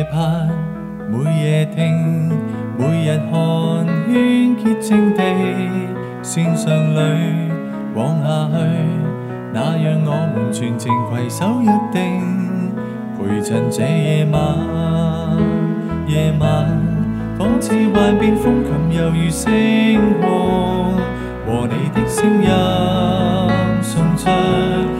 夜每夜聽，每日看，潔淨地線上裏往下去，那讓我們全程攜手約定，陪襯這夜晚。夜晚，仿似幻變風琴，猶如星空，和你的聲音相襯。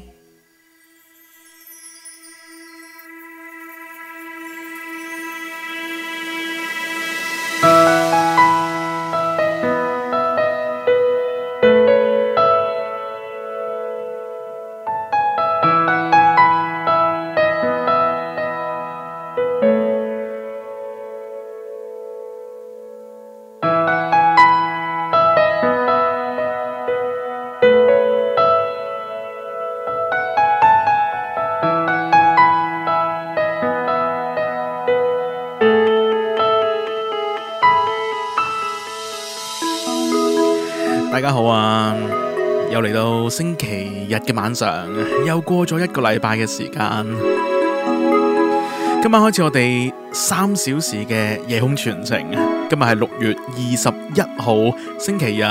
星期日嘅晚上，又過咗一個禮拜嘅時間。今晚開始我哋三小時嘅夜空傳情。今日係六月二十一號星期日，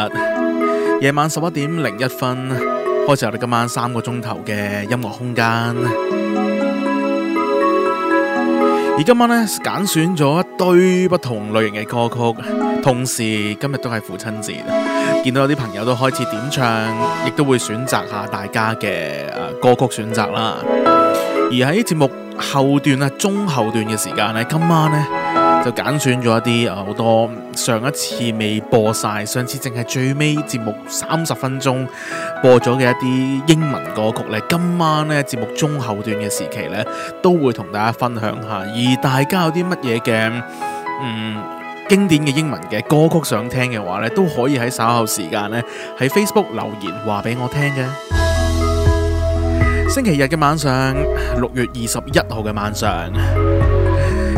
夜晚十一點零一分開始我哋今晚三個鐘頭嘅音樂空間。而今晚呢，揀選咗一堆不同類型嘅歌曲。同時今日都係父親節，見到有啲朋友都開始點唱，亦都會選擇下大家嘅誒歌曲選擇啦。而喺節目後段啊，中後段嘅時間咧，今晚呢就揀選咗一啲好多上一次未播晒、上次淨係最尾節目三十分鐘播咗嘅一啲英文歌曲咧，今晚呢，節目中後段嘅時期呢，都會同大家分享下。而大家有啲乜嘢嘅嗯？經典嘅英文嘅歌曲想聽嘅話咧，都可以喺稍後時間咧喺 Facebook 留言話俾我聽嘅。星期日嘅晚上，六月二十一號嘅晚上，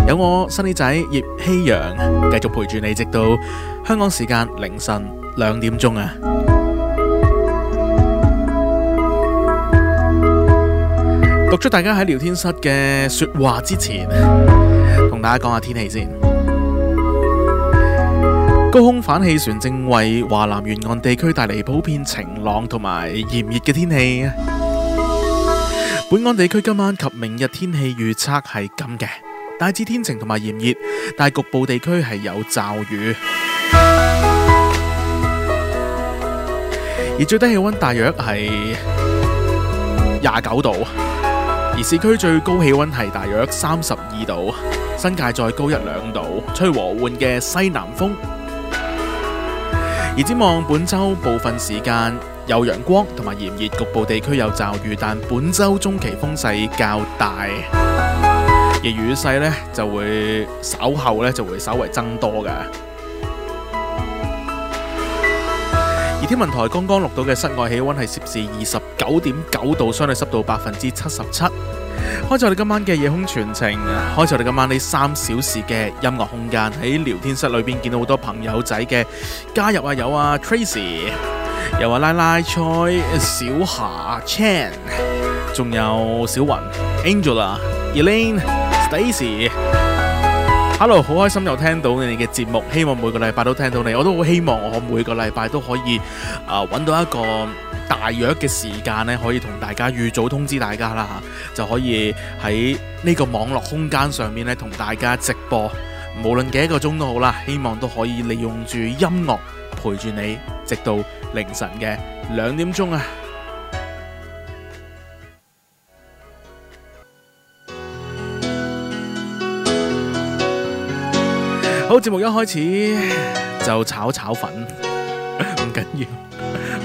有我新仔葉希陽繼續陪住你，直到香港時間凌晨兩點鐘啊！讀出大家喺聊天室嘅說話之前，同大家講下天氣先。高空反氣旋正為華南沿岸地區帶嚟普遍晴朗同埋炎熱嘅天氣。本港地區今晚及明日天氣預測係咁嘅：大致天晴同埋炎熱，但局部地區係有驟雨。而最低氣溫大約係廿九度，而市區最高氣溫係大約三十二度，新界再高一兩度。吹和緩嘅西南風。而展望，本週部分時間有陽光同埋炎熱，局部地區有驟雨。但本週中期風勢較大，而雨勢呢就會稍後呢就會稍為增多嘅。而天文台剛剛錄到嘅室外氣溫係攝氏二十九點九度，相對濕度百分之七十七。開咗我哋今晚嘅夜空全程，開咗我哋今晚呢三小時嘅音樂空間，喺聊天室裏邊見到好多朋友仔嘅加入啊，有啊 Tracy，有啊拉拉 Choi，小霞 Chan，仲有小雲 Angela，Elaine，Stacy。Hello，好開心又聽到你哋嘅節目，希望每個禮拜都聽到你，我都好希望我每個禮拜都可以啊搵到一個。大約嘅時間咧，可以同大家預早通知大家啦，就可以喺呢個網絡空間上面咧，同大家直播，無論幾個鐘都好啦，希望都可以利用住音樂陪住你，直到凌晨嘅兩點鐘啊！好，節目一開始就炒炒粉，唔緊要。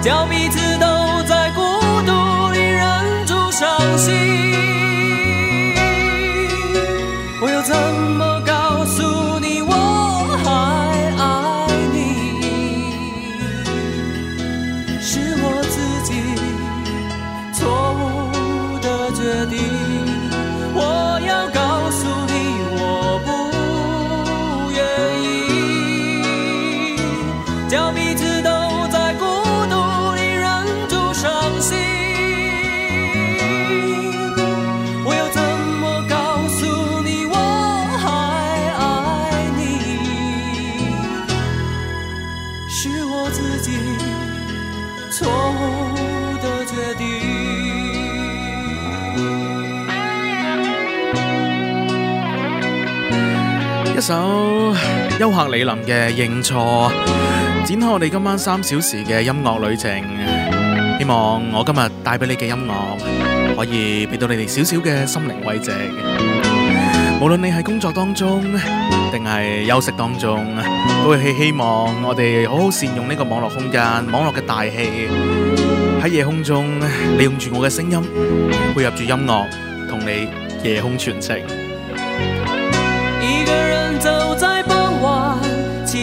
叫彼此都在孤獨裏忍住傷心。一首休克李林嘅《認錯》，展開我哋今晚三小時嘅音樂旅程。希望我今日帶俾你嘅音樂，可以俾到你哋少少嘅心靈慰藉。無論你喺工作當中，定係休息當中，都會希希望我哋好好善用呢個網絡空間，網絡嘅大氣喺夜空中，利用住我嘅聲音，配合住音樂，同你夜空傳情。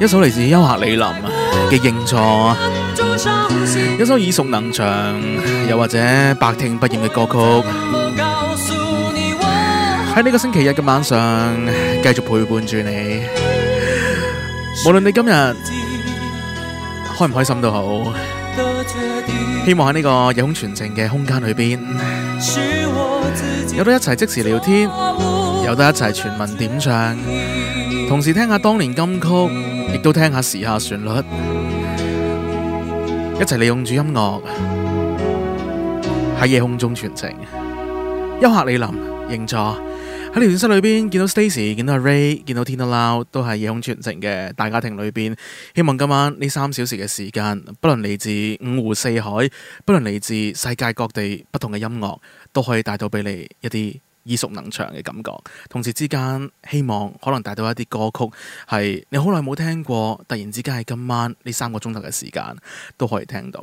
一首嚟自優客李林嘅創作，認錯，一首耳熟能詳又或者百聽不厭嘅歌曲，喺呢個星期日嘅晚上繼續陪伴住你。無論你今日開唔開心都好，希望喺呢個夜空傳情嘅空間裏邊，有得一齊即時聊天，有得一齊全民點唱，同時聽一下當年金曲。亦都聽下時下旋律，一齊利用住音樂喺夜空中傳情。優客李林認錯。喺聊天室裏邊見到 Stacy，見到 Ray，見到天都撈，都係夜空傳情嘅大家庭裏邊。希望今晚呢三小時嘅時間，不論嚟自五湖四海，不論嚟自世界各地不同嘅音樂，都可以帶到俾你一啲。耳熟能詳嘅感覺，同時之間希望可能帶到一啲歌曲係你好耐冇聽過，突然之間喺今晚呢三個鐘頭嘅時間都可以聽到。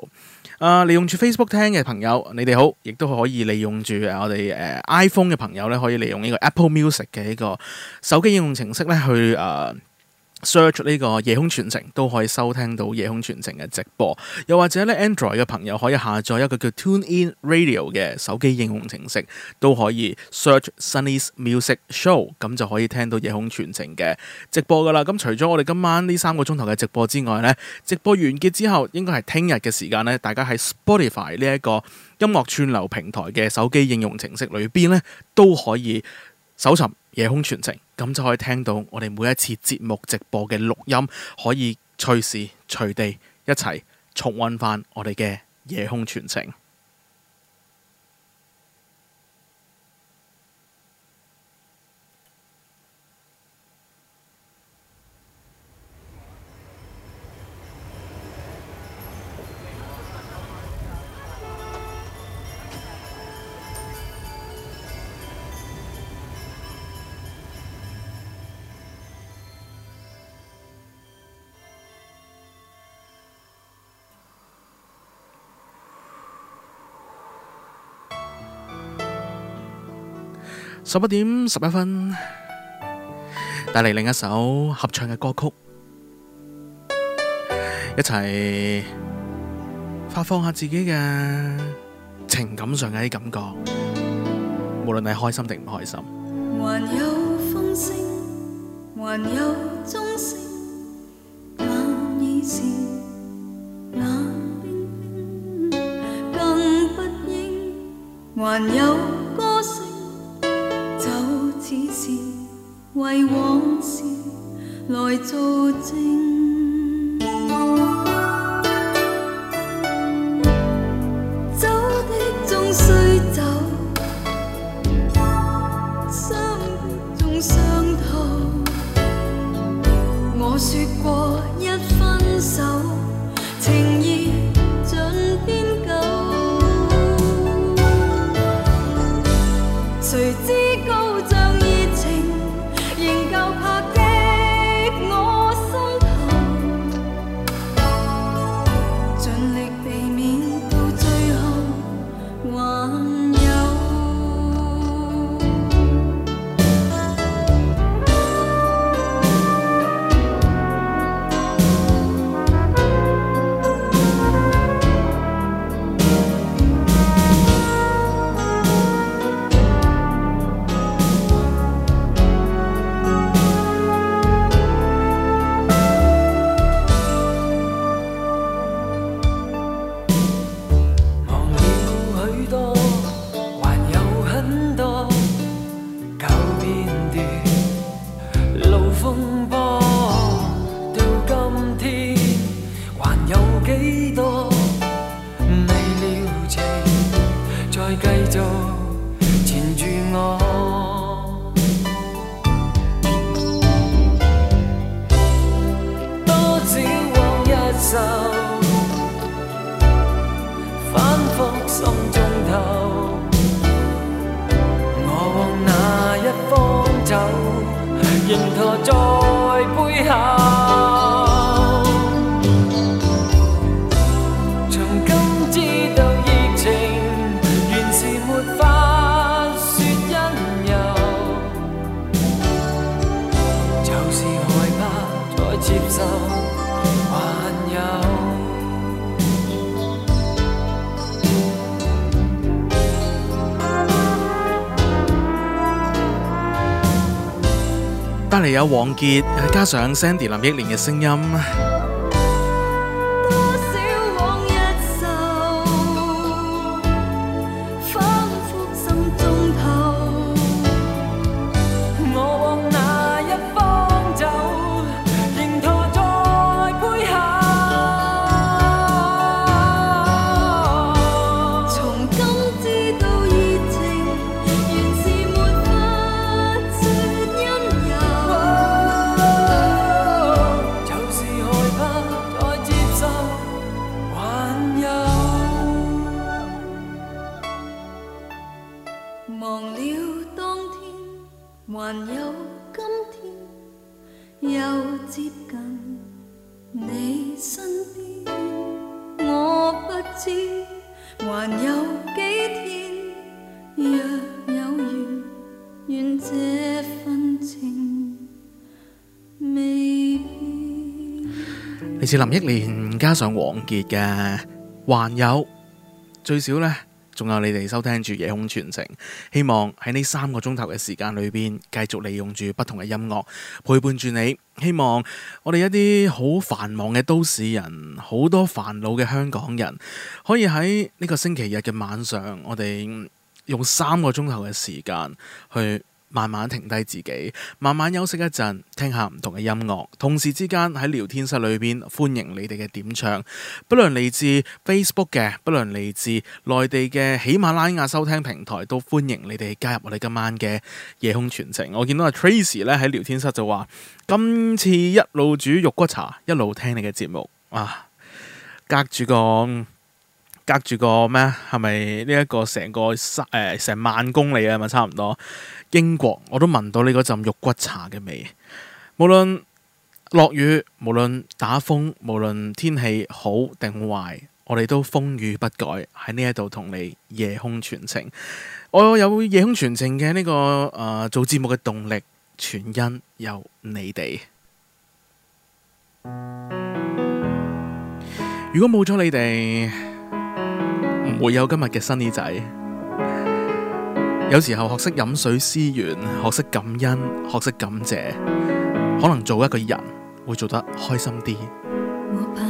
啊、呃，利用住 Facebook 聽嘅朋友，你哋好，亦都可以利用住我哋、呃、iPhone 嘅朋友咧，可以利用呢個 Apple Music 嘅呢個手機應用程式咧去、呃 search 呢個夜空傳情都可以收聽到夜空傳情嘅直播，又或者咧 Android 嘅朋友可以下載一個叫 Tune In Radio 嘅手機應用程式，都可以 search Sunny’s Music Show，咁就可以聽到夜空傳情嘅直播噶啦。咁、嗯、除咗我哋今晚呢三個鐘頭嘅直播之外呢，直播完結之後應該係聽日嘅時間，呢大家喺 Spotify 呢一個音樂串流平台嘅手機應用程式裏邊呢，都可以搜尋。夜空傳情，咁就可以聽到我哋每一次節目直播嘅錄音，可以隨時隨地一齊重温返我哋嘅夜空傳情。十一點十一分，帶嚟另一首合唱嘅歌曲，一齊發放下自己嘅情感上嘅啲感覺，無論你開心定唔開心。還有風聲，還有鐘聲，冷意盛，冷冰冰，更不應還有歌聲。只是為往事來作證。係有王傑加上 Sandy 林憶蓮嘅聲音。是林憶蓮加上王傑嘅，還有最少咧，仲有你哋收聽住夜空傳情。希望喺呢三個鐘頭嘅時間裏邊，繼續利用住不同嘅音樂陪伴住你。希望我哋一啲好繁忙嘅都市人，好多煩惱嘅香港人，可以喺呢個星期日嘅晚上，我哋用三個鐘頭嘅時間去。慢慢停低自己，慢慢休息一陣，聽下唔同嘅音樂。同時之間喺聊天室裏邊歡迎你哋嘅點唱，不論嚟自 Facebook 嘅，不論嚟自內地嘅喜馬拉雅收聽平台，都歡迎你哋加入我哋今晚嘅夜空傳情。我見到阿 Tracy 咧喺聊天室就話：今次一路煮肉骨茶，一路聽你嘅節目啊！隔住個隔住個咩係，係咪呢一個成個誒成、呃、萬公里啊？咪差唔多。英國，我都聞到你嗰陣肉骨茶嘅味。無論落雨，無論打風，無論天氣好定壞，我哋都風雨不改喺呢一度同你夜空傳情。我有夜空傳情嘅呢個誒、呃、做節目嘅動力，全因有你哋。 如果冇咗你哋，唔、嗯、會有今日嘅新耳仔。有時候學識飲水思源，學識感恩，學識感謝，可能做一個人會做得開心啲。我怕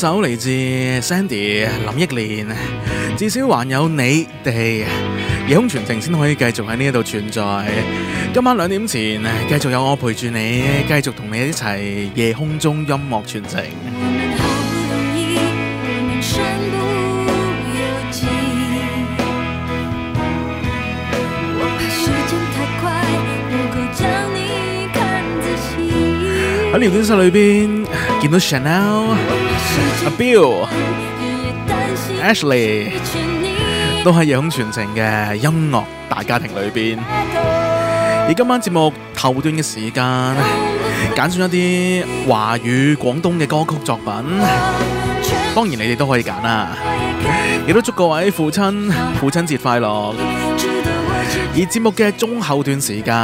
首嚟自 Sandy 林憶蓮，至少還有你哋。夜空傳情，先可以繼續喺呢一度存在。今晚兩點前，繼續有我陪住你，繼續同你一齊夜空中音樂傳情。我怕時間太快，不夠將你看仔細。喺聊天室裏邊見到 Chanel。阿 Bill、Ashley 都喺《夜空傳情》嘅音樂大家庭裏面。而今晚節目頭段嘅時間，揀選一啲華語、廣東嘅歌曲作品，當然你哋都可以揀啦、啊。亦都祝各位父親父親節快樂！以節目嘅中後段時間，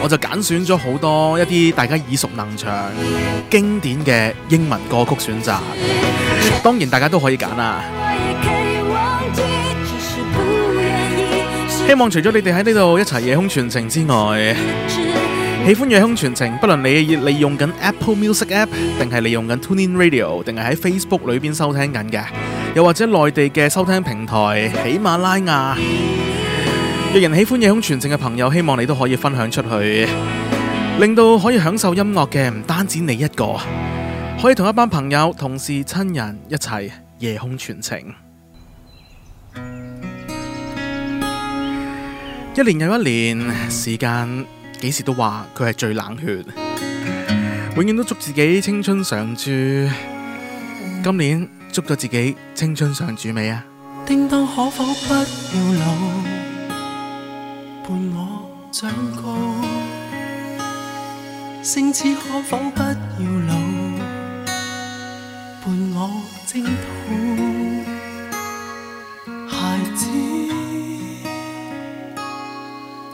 我就揀選咗好多一啲大家耳熟能詳、經典嘅英文歌曲選擇。當然，大家都可以揀啦。希望除咗你哋喺呢度一齊夜空傳情之外，喜歡夜空傳情，不論你利用緊 Apple Music App，定係利用緊 TuneIn Radio，定係喺 Facebook 裏邊收聽緊嘅，又或者內地嘅收聽平台喜馬拉雅。有人喜歡夜空傳情嘅朋友，希望你都可以分享出去，令到可以享受音樂嘅唔單止你一個，可以同一班朋友、同事、親人一齊夜空傳情。一年又一年，時間幾時都話佢係最冷血，永遠都祝自己青春常駐。今年祝咗自己青春常駐未啊？叮當，可否不要老？伴我長高，性子可否不要老？伴我征討，孩子。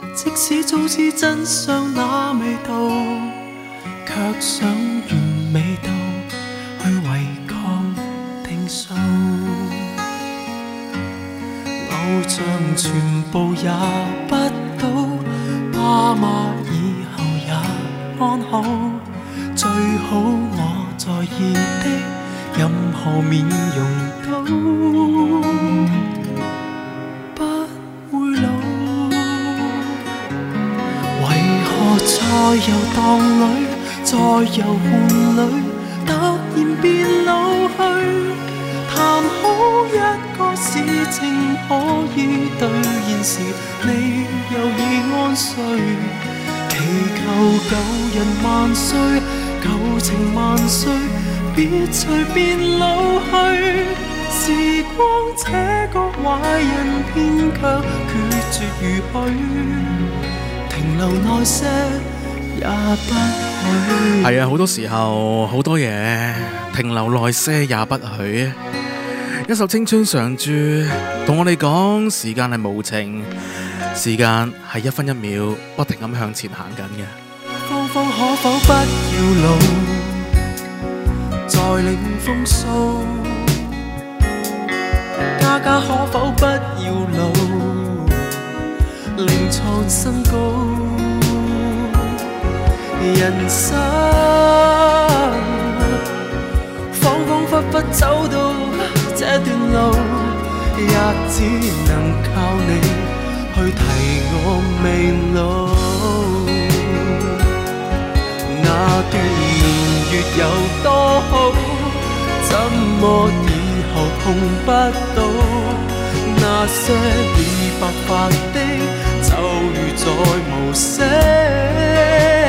嗯、即使早知真相那味道，卻想。偶像全部也不到，爸媽以後也安好，最好我在意的任何面容都不會老。為何在遊蕩裏，在遊伴裏，突然變老去？談好一個事情可以兌現時，你又已安睡。祈求舊人萬歲，舊情萬歲，別隨便老去。時光這個壞人，偏卻決絕如許，停留耐些也不。係啊，好多時候，好多嘢停留耐些也不許。一首青春常駐，同我哋講，時間係無情，時間係一分一秒不停咁向前行緊嘅。方方可否不要老，再領風騷；家家可否不要老，另創新高。人生恍恍惚惚走到這段路，也只能靠你去提我未老。那段年月有多好，怎麼以後碰不到？那些已白髮的，就如在無聲。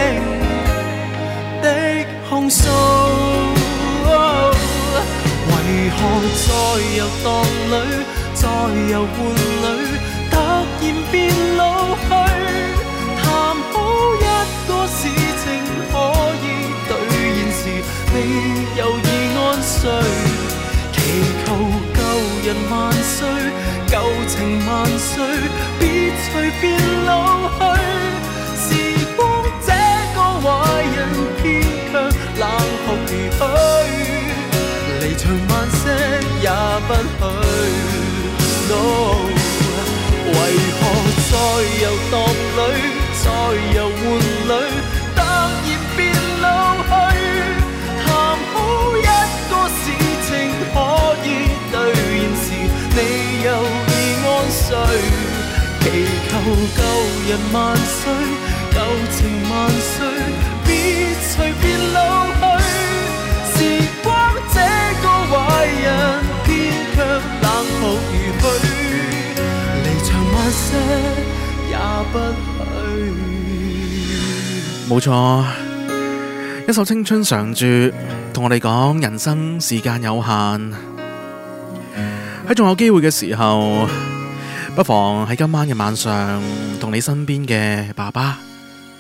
為何在遊蕩裏，在遊玩裏，突然變老去？談好一個事情，可以兌現時，你又已安睡。祈求舊人萬歲，舊情萬歲，別隨便老去。也不去為、no. 何在遊蕩裏，在遊玩裏，突然變老去？談好一個事情，可以兌現時，你又已安睡？祈求舊人萬歲，舊情萬歲。去，些也不冇錯，一首青春常駐，同我哋講人生時間有限，喺仲有機會嘅時候，不妨喺今晚嘅晚上，同你身邊嘅爸爸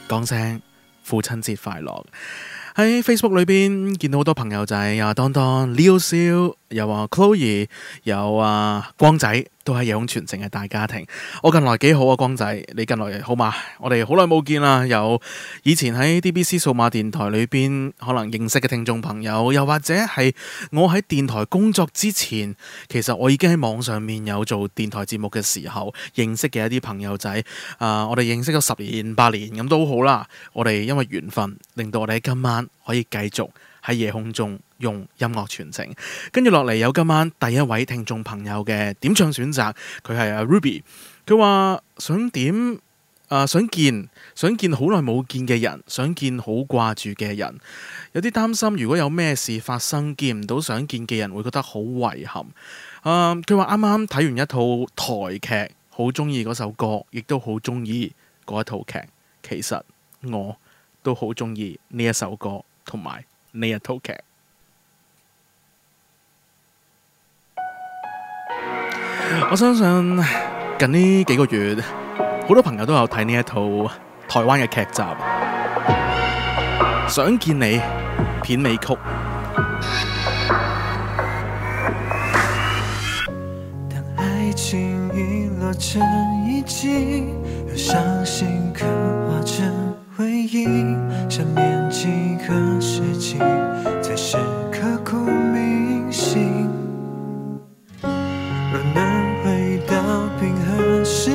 講聲父親節快樂。喺 Facebook 裏邊見到好多朋友仔，阿當當、Leo、少。又啊 Chloe 有啊，光仔，都係夜空傳情嘅大家庭。我近來幾好啊，光仔，你近來好嘛？我哋好耐冇見啦。有以前喺 DBC 數碼電台裏邊可能認識嘅聽眾朋友，又或者係我喺電台工作之前，其實我已經喺網上面有做電台節目嘅時候認識嘅一啲朋友仔。啊、呃，我哋認識咗十年、八年咁都好啦。我哋因為緣分，令到我哋喺今晚可以繼續喺夜空中。用音樂傳情，跟住落嚟有今晚第一位聽眾朋友嘅點唱選擇。佢係阿 Ruby，佢話想點啊、呃，想見想見好耐冇見嘅人，想見好掛住嘅人。有啲擔心，如果有咩事發生，見唔到想見嘅人，會覺得好遺憾。誒、呃，佢話啱啱睇完一套台劇，好中意嗰首歌，亦都好中意嗰一套劇。其實我都好中意呢一首歌同埋呢一套劇。我相信近呢幾個月，好多朋友都有睇呢一套台灣嘅劇集，《想見你》片尾曲。當愛情遺落成遺跡，用象形刻劃成回憶，想念幾個世紀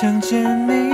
想見你。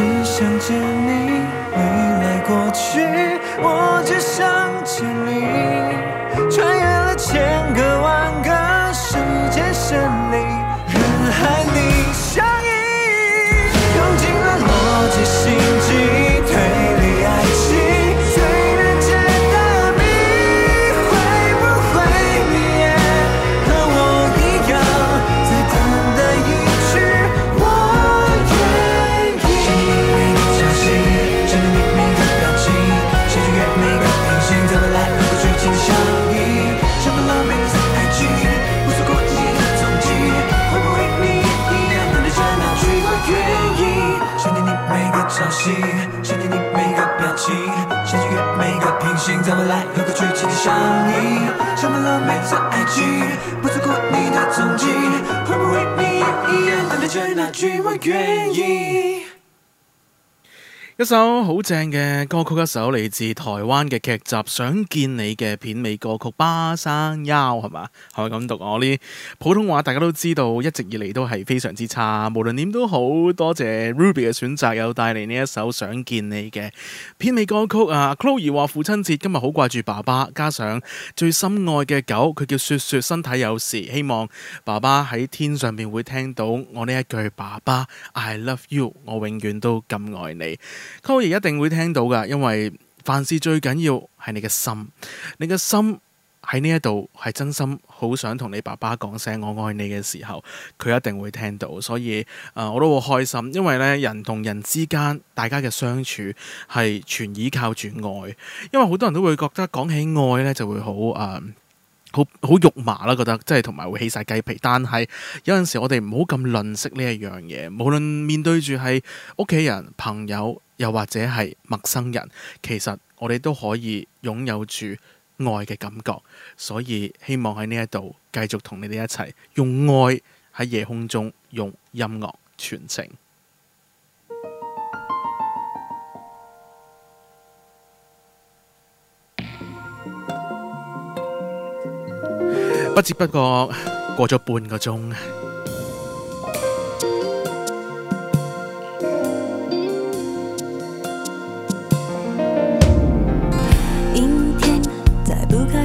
只想見你，未來過去。在未來和過去緊緊相依，寫滿了每段愛情，不在乎你的蹤跡，會不會你也一樣等待着那句我願意？一首好正嘅歌曲，一首嚟自台灣嘅劇集《想見你》嘅片尾歌曲《巴山腰》。係嘛？係咪咁讀我呢普通話，大家都知道，一直以嚟都係非常之差。無論點都好多謝 Ruby 嘅選擇，有帶嚟呢一首《想見你》嘅片尾歌曲啊。Chloe 話父親節今日好掛住爸爸，加上最心愛嘅狗，佢叫雪雪，身體有事，希望爸爸喺天上邊會聽到我呢一句，爸爸，I love you，我永遠都咁愛你。Coey 一定會聽到噶，因為凡事最緊要係你嘅心，你嘅心喺呢一度係真心好想同你爸爸講聲我愛你嘅時候，佢一定會聽到，所以誒、呃、我都好開心，因為咧人同人之間大家嘅相處係全依靠住愛，因為好多人都會覺得講起愛咧就會好誒好好肉麻啦，覺得即係同埋會起晒雞皮，但係有陣時我哋唔好咁吝嗇呢一樣嘢，無論面對住係屋企人、朋友，又或者係陌生人，其實我哋都可以擁有住愛嘅感覺，所以希望喺呢一度繼續同你哋一齊用愛喺夜空中用音樂傳情， 不知不覺過咗半個鐘。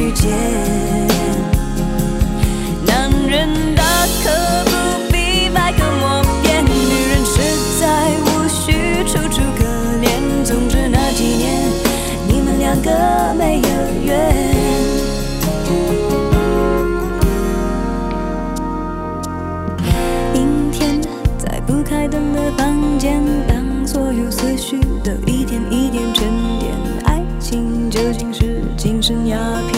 遇見男人大可不必百口莫辯，女人實在無須楚楚可憐。總之那幾年，你們兩個沒有緣。陰天，在不開燈的房間，當所有思緒都一點一點沉澱。愛情究竟是精神鴉片？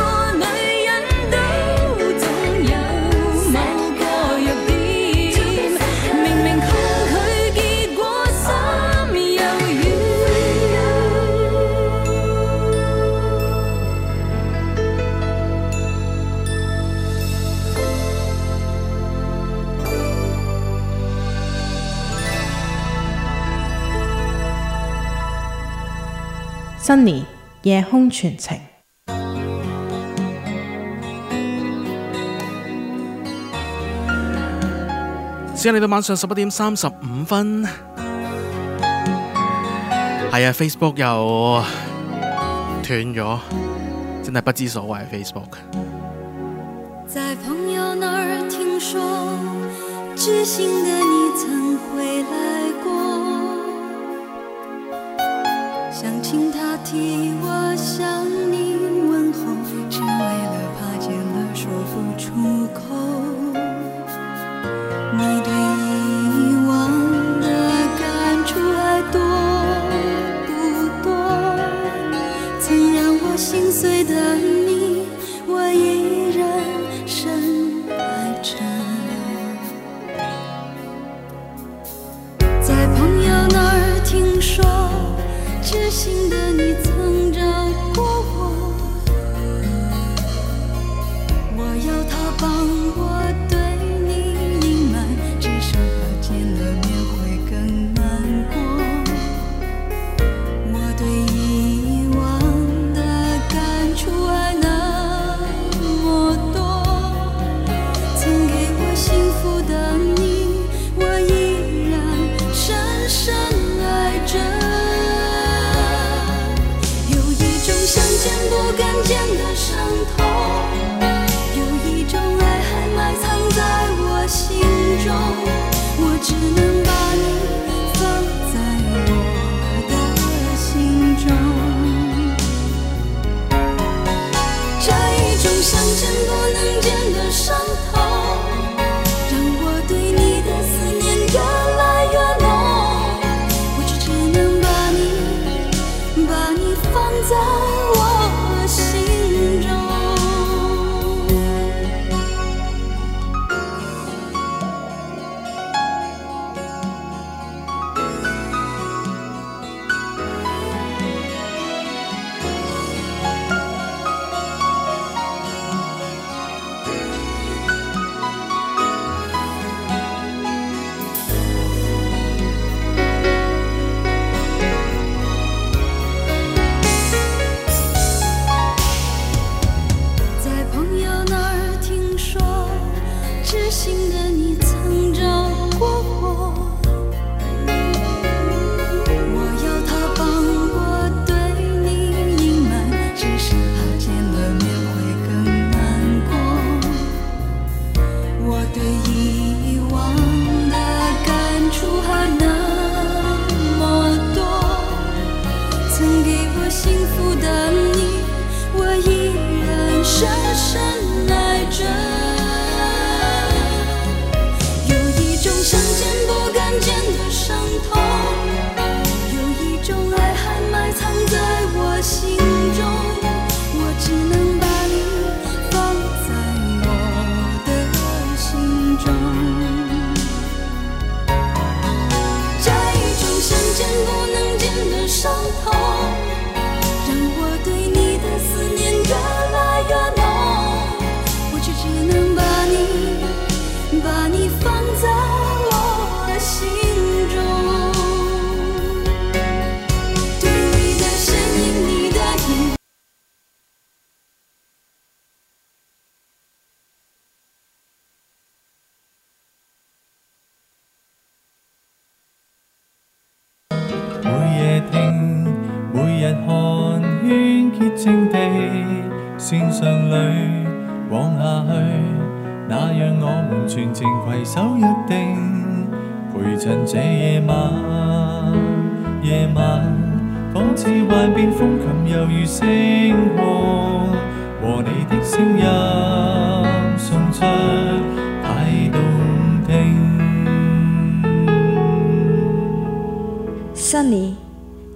夜空傳情，時間嚟到晚上十一點三十五分，係啊，Facebook 又斷咗，真係不知所謂。Facebook。知替我向你問候，只為了怕見了說不出口。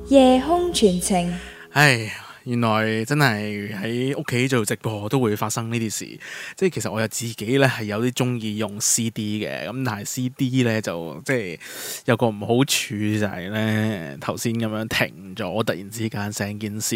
夜空傳情，唉、哎，原來真係喺屋企做直播都會發生呢啲事。即係其實我又自己咧係有啲中意用 CD 嘅，咁但係 CD 咧就即係有個唔好處就係咧頭先咁樣停咗，突然之間成件事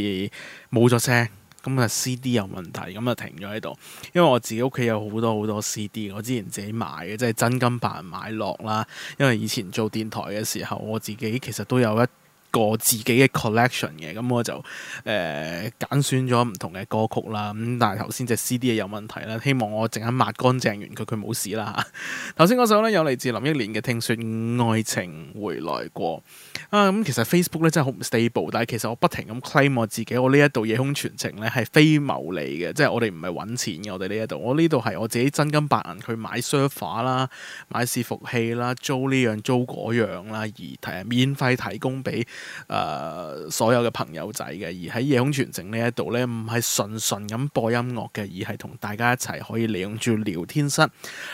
冇咗聲。咁啊 CD 有問題，咁啊停咗喺度。因為我自己屋企有好多好多 CD，我之前自己買嘅，即係真金白銀買落啦。因為以前做電台嘅時候，我自己其實都有一個自己嘅 collection 嘅。咁我就誒揀、呃、選咗唔同嘅歌曲啦。咁但係頭先隻 CD 有問題啦，希望我陣間抹乾淨完佢，佢冇事啦。頭先嗰首咧，有嚟自林憶蓮嘅《聽說愛情回來過》。啊咁、嗯，其實 Facebook 咧真係好唔 stable，但係其實我不停咁 claim 我自己，我呢一度夜空傳情咧係非牟利嘅，即係我哋唔係揾錢嘅，我哋呢一度，我呢度係我自己真金白銀去買 server 啦，買伺服器啦，租呢、這、樣、個、租嗰樣啦，而提免費提供俾誒、呃、所有嘅朋友仔嘅，而喺夜空傳情呢一度咧，唔係純純咁播音樂嘅，而係同大家一齊可以利用住聊天室，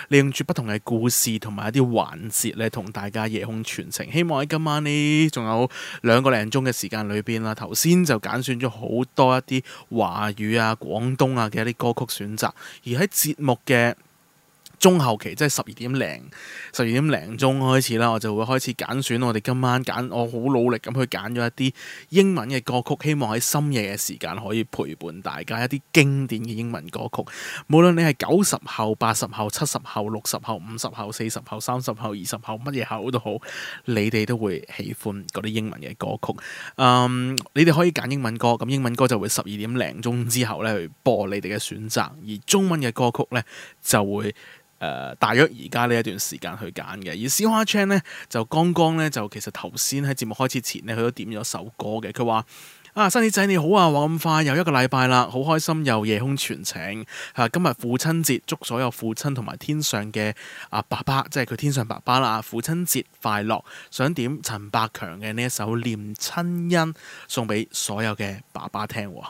利用住不同嘅故事同埋一啲環節咧，同大家夜空傳情。希望喺今晚你，仲有兩個零鐘嘅時間裏邊啦，頭先就揀選咗好多一啲華語啊、廣東啊嘅一啲歌曲選擇，而喺節目嘅。中後期即係十二點零，十二點零鐘開始啦，我就會開始揀選我哋今晚揀，我好努力咁去揀咗一啲英文嘅歌曲，希望喺深夜嘅時間可以陪伴大家一啲經典嘅英文歌曲。無論你係九十後、八十後、七十後、六十後、五十後、四十後、三十後、二十後，乜嘢後都好，你哋都會喜歡嗰啲英文嘅歌曲。嗯、um，你哋可以揀英文歌，咁英文歌就會十二點零鐘之後呢去播你哋嘅選擇，而中文嘅歌曲呢。就會、呃、大約而家呢一段時間去揀嘅，而小花 c h a 就剛剛呢，就其實頭先喺節目開始前呢，佢都點咗首歌嘅。佢話：啊，生仔仔你好啊，話咁快又一個禮拜啦，好開心又夜空傳情、啊。今日父親節，祝所有父親同埋天上嘅啊爸爸，即係佢天上爸爸啦，父親節快樂！想點陳百強嘅呢一首《念親恩》，送俾所有嘅爸爸聽喎、哦。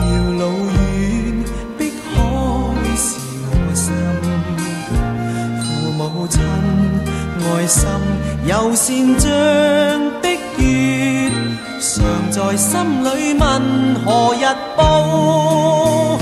遙路遠，碧海是我心。父母親，愛心有善將的月，常在心裏問何日報。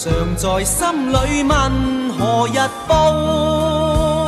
常在心裏問：何日報？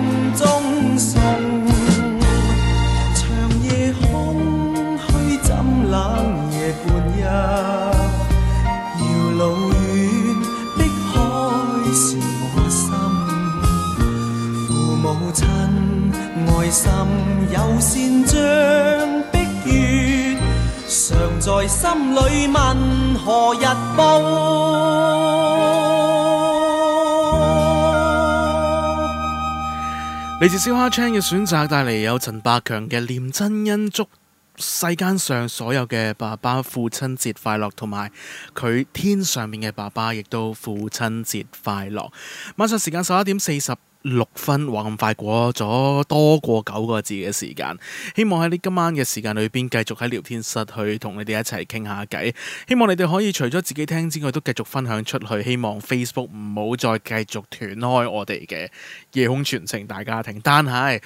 心有善像碧月，常在心裏問何日報。來自小黑唱嘅選擇，帶嚟有陳百強嘅《念親恩》，祝世間上所有嘅爸爸父親節快樂，同埋佢天上面嘅爸爸亦都父親節快樂。晚上時間十一點四十。六分話咁快過咗多過九個字嘅時間，希望喺你今晚嘅時間裏面繼續喺聊天室去同你哋一齊傾下偈。希望你哋可以除咗自己聽之外，都繼續分享出去。希望 Facebook 唔好再繼續斷開我哋嘅夜空傳情大家庭。但係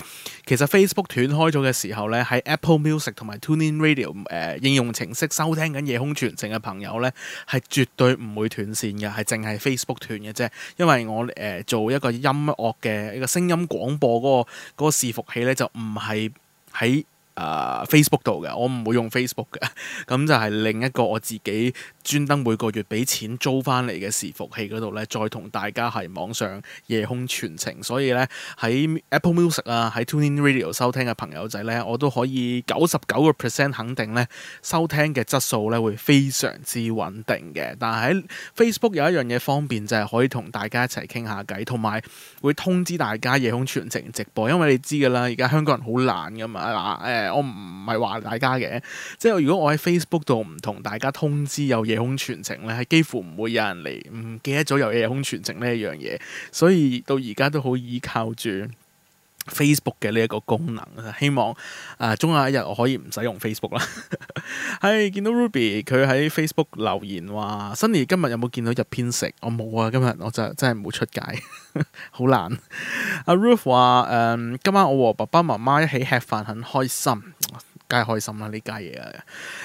其實 Facebook 斷開咗嘅時候呢，喺 Apple Music 同埋 TuneIn Radio、呃、應用程式收聽緊夜空傳情嘅朋友呢，係絕對唔會斷線嘅，係淨係 Facebook 斷嘅啫。因為我、呃、做一個音樂。嘅一個聲音廣播，嗰個嗰個伺服器咧，就唔係喺啊 Facebook 度嘅，我唔會用 Facebook 嘅，咁就係另一個我自己。專登每個月俾錢租翻嚟嘅伺服器嗰度咧，再同大家喺網上夜空全程，所以咧喺 Apple Music 啊，喺 TuneIn Radio 收聽嘅朋友仔咧，我都可以九十九個 percent 肯定咧，收聽嘅質素咧，會非常之穩定嘅。但係喺 Facebook 有一樣嘢方便，就係可以同大家一齊傾下偈，同埋會通知大家夜空全程直播，因為你知㗎啦，而家香港人好懶㗎嘛，嗱、呃，我唔係話大家嘅，即係如果我喺 Facebook 度唔同大家通知有嘢。夜空傳情咧，係幾乎唔會有人嚟，唔記得咗有夜空傳情呢一樣嘢，所以到而家都好依靠住 Facebook 嘅呢一個功能。希望啊，終、呃、有一日我可以唔使用，用 Facebook 啦。 係見到 Ruby 佢喺 Facebook 留言話：Sunny 今日有冇見到日偏食？我、哦、冇啊，今日我就真係冇出街，好 懶很懶、啊。阿 Ruth 話：誒、呃，今晚我和爸爸媽媽一起吃飯，很開心。梗係開心啦，呢家嘢，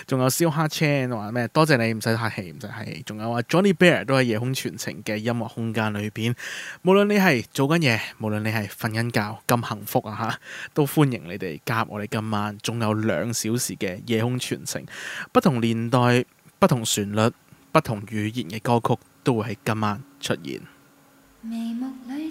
仲有燒蝦 chan，話咩？多謝你，唔使客氣，唔使客氣。仲有話 Johnny Bear 都喺夜空傳情嘅音樂空間裏邊，無論你係做緊嘢，無論你係瞓緊覺，咁幸福啊！都歡迎你哋加入我哋今晚，仲有兩小時嘅夜空傳情，不同年代、不同旋律、不同語言嘅歌曲都會喺今晚出現。眉目裏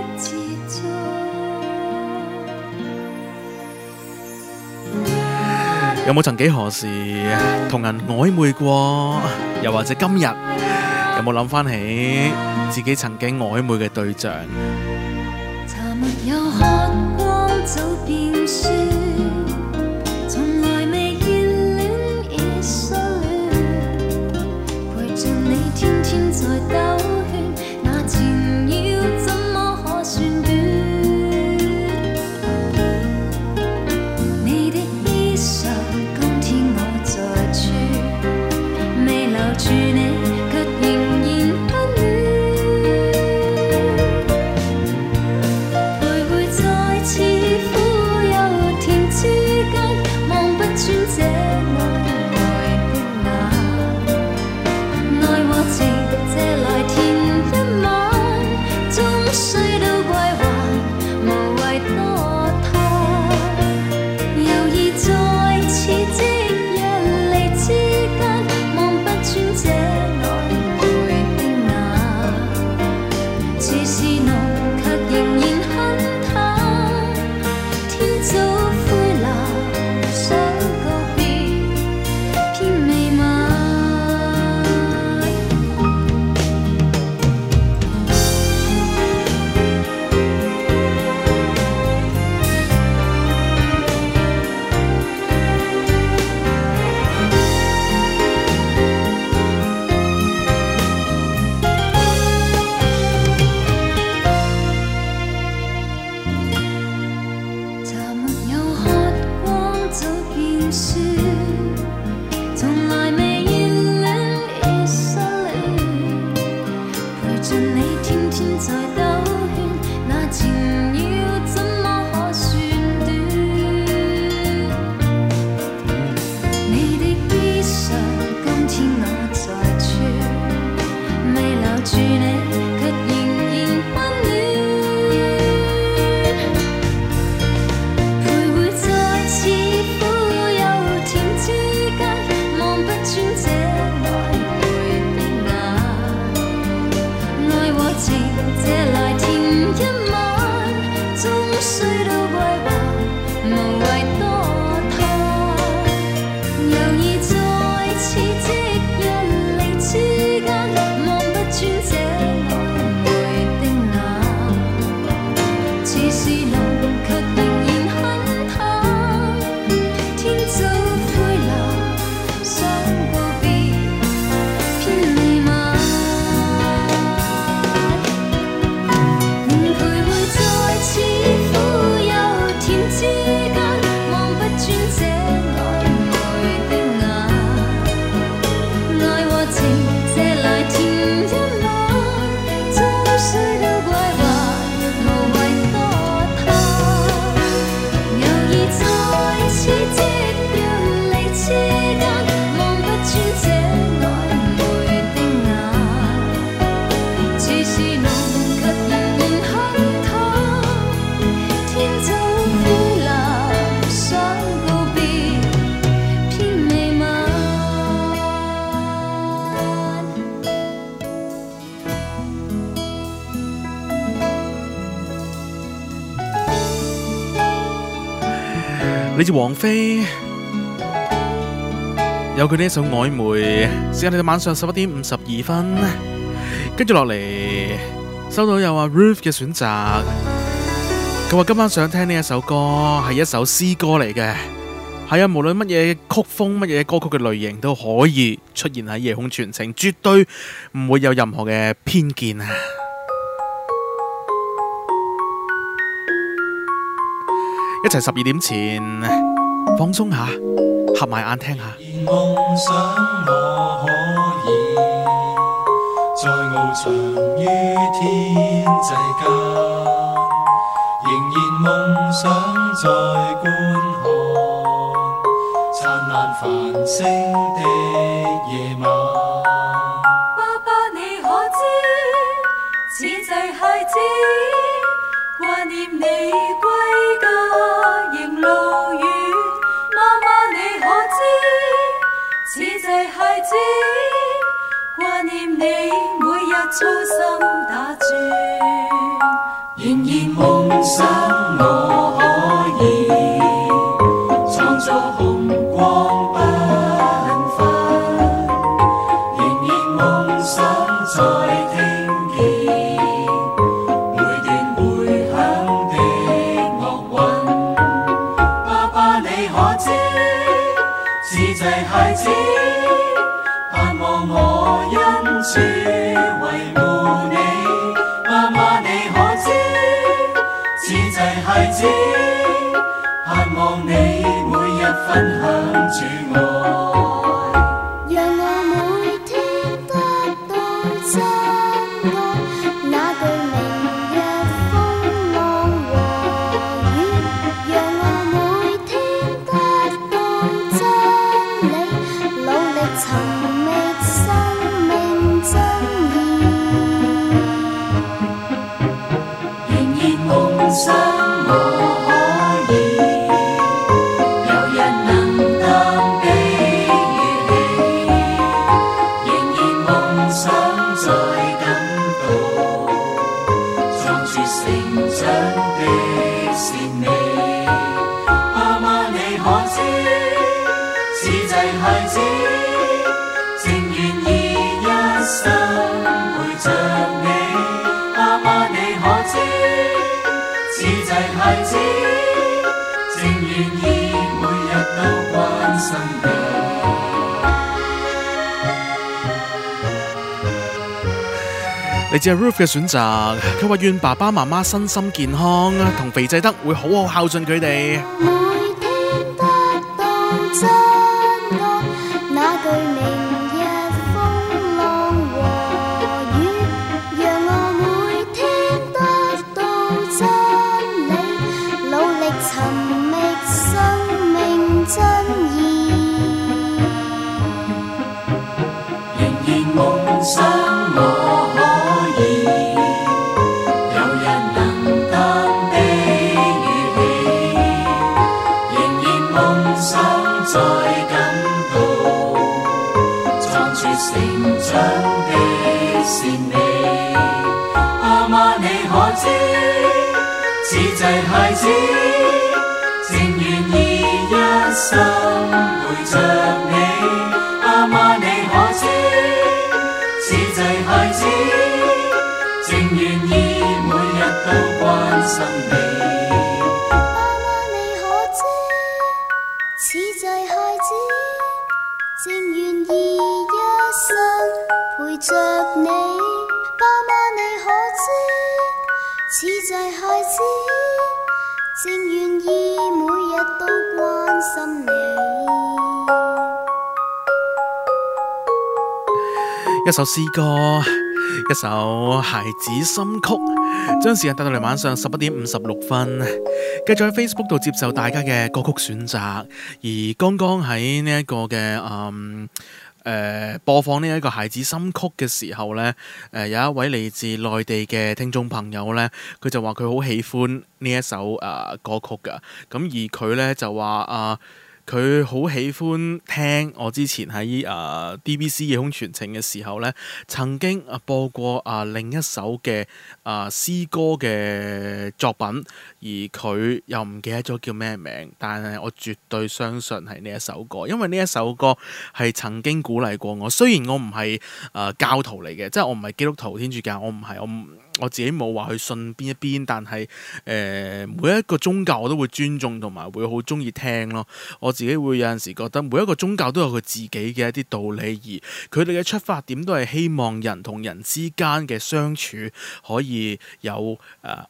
有冇曾幾何時同人曖昧過？又或者今日有冇諗返起自己曾經曖昧嘅對象？你住王菲，有佢呢一首曖昧。時間嚟到晚上十一點五十二分，跟住落嚟收到有阿 Ruth 嘅選擇，佢話今晚想聽呢一首歌，係一首詩歌嚟嘅。係啊，無論乜嘢曲風、乜嘢歌曲嘅類型都可以出現喺夜空傳情，絕對唔會有任何嘅偏見啊！一齊十二點前放鬆下，合埋眼聽下。仍然孩掛念你，每日粗心打轉，仍然夢想我。只盼望你每日分享主愛。只係 Ruth 嘅選擇，佢話願爸爸媽媽身心健康，同肥仔德會好好孝順佢哋。一首詩歌，一首孩子心曲，將時間帶到嚟晚上十一點五十六分。繼續喺 Facebook 度接受大家嘅歌曲選擇。而剛剛喺呢一個嘅誒誒播放呢一個孩子心曲嘅時候呢，誒、呃、有一位嚟自內地嘅聽眾朋友呢，佢就話佢好喜歡呢一首誒、呃、歌曲㗎。咁而佢呢，就話啊。呃佢好喜歡聽我之前喺啊 DBC 夜空傳情嘅時候咧，曾經啊播過啊另一首嘅啊詩歌嘅作品。而佢又唔記得咗叫咩名，但係我絕對相信係呢一首歌，因為呢一首歌係曾經鼓勵過我。雖然我唔係誒教徒嚟嘅，即係我唔係基督徒、天主教，我唔係我我自己冇話去信邊一邊，但係誒、呃、每一個宗教我都會尊重同埋會好中意聽咯。我自己會有陣時覺得每一個宗教都有佢自己嘅一啲道理，而佢哋嘅出發點都係希望人同人之間嘅相處可以有誒、呃、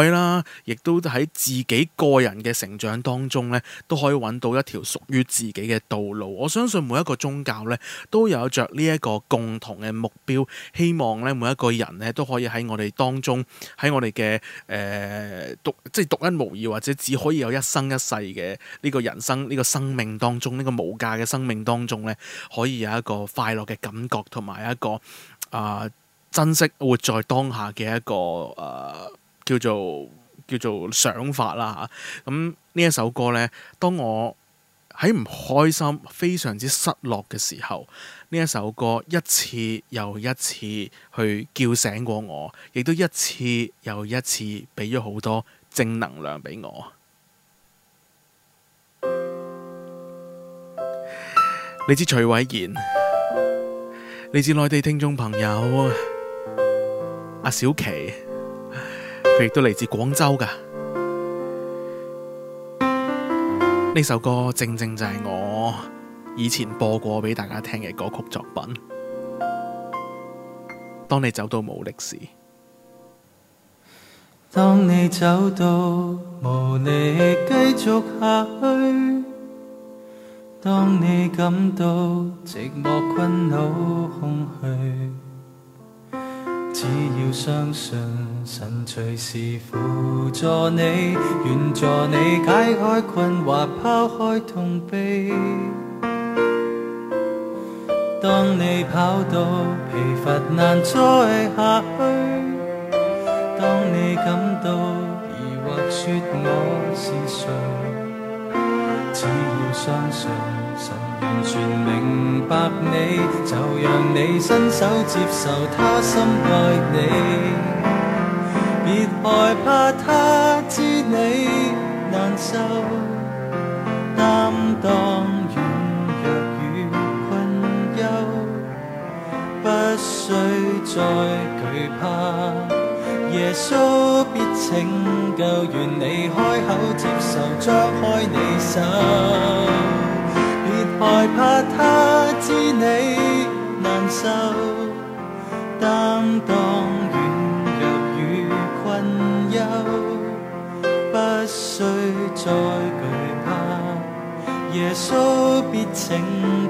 愛啦，亦都。喺自己個人嘅成長當中咧，都可以揾到一條屬於自己嘅道路。我相信每一個宗教咧，都有着呢一個共同嘅目標，希望咧，每一個人咧都可以喺我哋當中，喺我哋嘅誒獨，即係獨一無二或者只可以有一生一世嘅呢個人生呢、呢個生命當中呢、呢個無價嘅生命當中咧，可以有一個快樂嘅感覺，同埋一個啊、呃、珍惜活在當下嘅一個誒、呃、叫做。叫做想法啦嚇，咁呢一首歌呢，當我喺唔開心、非常之失落嘅時候，呢一首歌一次又一次去叫醒過我，亦都一次又一次俾咗好多正能量俾我。你知徐偉賢，你知內地聽眾朋友阿小琪。佢亦都嚟自廣州噶，呢首歌正正就係我以前播過俾大家聽嘅歌曲作品。當你走到無力時，當你走到無力繼續下去，當你感到寂寞、困惱、空虛。只要相信神，隨時輔助你，願助你解開困惑，拋開痛悲。當你跑到疲乏難再下去，當你感到疑惑說我是誰，只要相信神。完全明白你，就讓你伸手接受他深愛你。別害怕他知你難受，擔當軟弱與困憂，不需再懼怕。耶穌必拯救，願你開口接受，張開你手。害怕他知你難受，擔當軟弱與困憂，不需再懼怕。耶穌必拯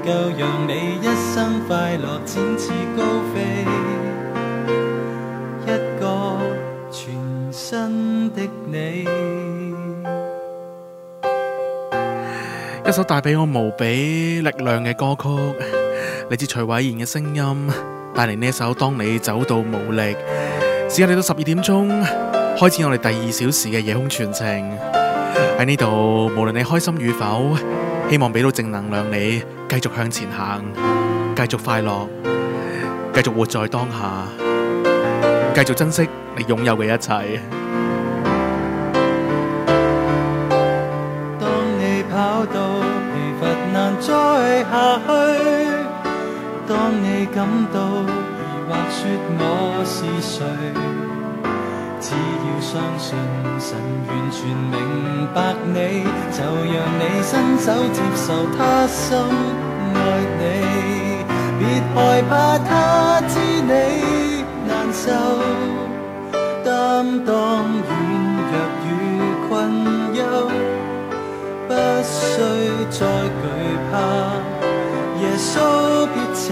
救，讓你一生快樂展翅高飛，一個全新的你。一首帶俾我無比力量嘅歌曲，嚟自徐偉賢嘅聲音帶嚟呢一首。當你走到無力，只有你到十二點鐘，開始我哋第二小時嘅夜空傳情。喺呢度，無論你開心與否，希望俾到正能量，你繼續向前行，繼續快樂，繼續活在當下，繼續珍惜你擁有嘅一切。當你跑到，再下去，當你感到疑惑，說我是誰，只要相信神完全明白你，就讓你伸手接受他心愛你，別害怕他知你難受，擔當。不需再懼怕耶穌，耶穌必拯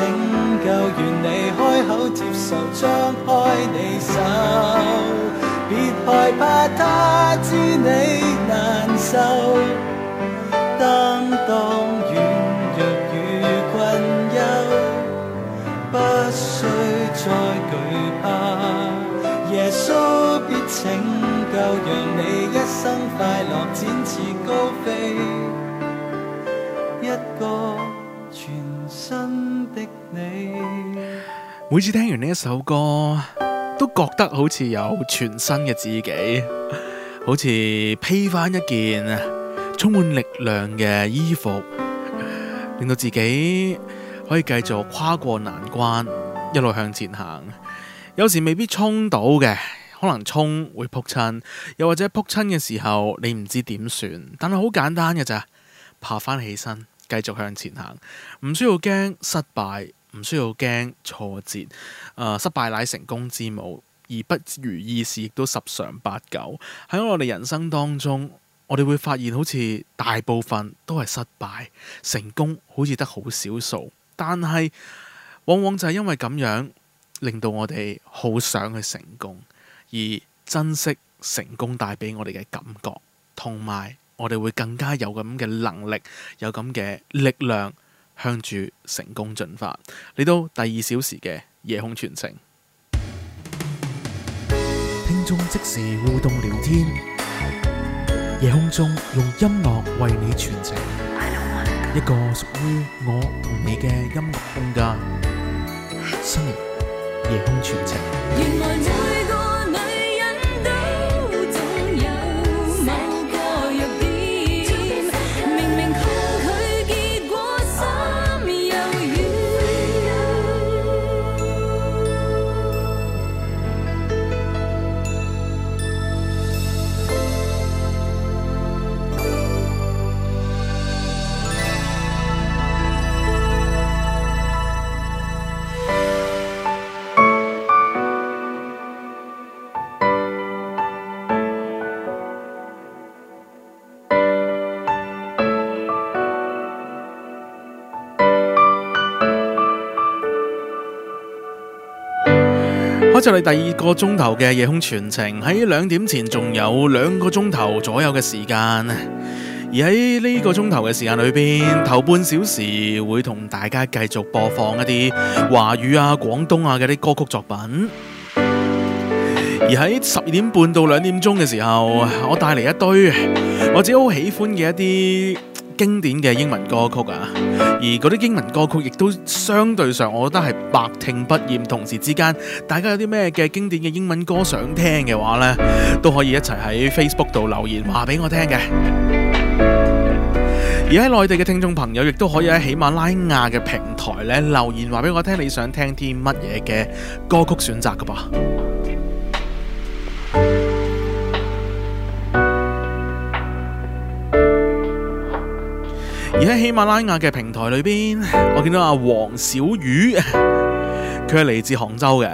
救，願你開口接受，張開你手，別害怕他，他知你難受。擔當軟弱與困憂，不需再懼怕耶穌，耶穌必拯救，讓你。高飛，一個全新的你。每次聽完呢一首歌，都覺得好似有全新嘅自己，好似披翻一件充滿力量嘅衣服，令到自己可以繼續跨過難關，一路向前行。有時未必衝到嘅。可能衝會扑親，又或者扑親嘅時候，你唔知點算。但係好簡單嘅，咋爬翻起身，繼續向前行，唔需要驚失敗，唔需要驚挫折，呃，失敗乃成功之母，而不如意事亦都十常八九。喺我哋人生當中，我哋會發現好似大部分都係失敗，成功好似得好少數。但係往往就係因為咁樣，令到我哋好想去成功。而珍惜成功帶俾我哋嘅感覺，同埋我哋會更加有咁嘅能力，有咁嘅力量向住成功進發。嚟到第二小時嘅夜空傳情，聽眾即時互動聊天，夜空中用音樂為你傳情，一個屬於我同你嘅音樂空間，深夜夜空傳情。就係第二個鐘頭嘅夜空傳情，喺兩點前仲有兩個鐘頭左右嘅時間，而喺呢個鐘頭嘅時間裏邊，頭半小時會同大家繼續播放一啲華語啊、廣東啊嘅啲歌曲作品，而喺十二點半到兩點鐘嘅時候，我帶嚟一堆我自己好喜歡嘅一啲。經典嘅英文歌曲啊，而嗰啲英文歌曲亦都相對上，我覺得係百聽不厭。同時之間，大家有啲咩嘅經典嘅英文歌想聽嘅話呢，都可以一齊喺 Facebook 度留言話俾我聽嘅。而喺內地嘅聽眾朋友，亦都可以喺喜馬拉雅嘅平台咧留言話俾我聽，你想聽啲乜嘢嘅歌曲選擇噶噃。而喺喜馬拉雅嘅平台裏邊，我見到阿黃小雨，佢係嚟自杭州嘅。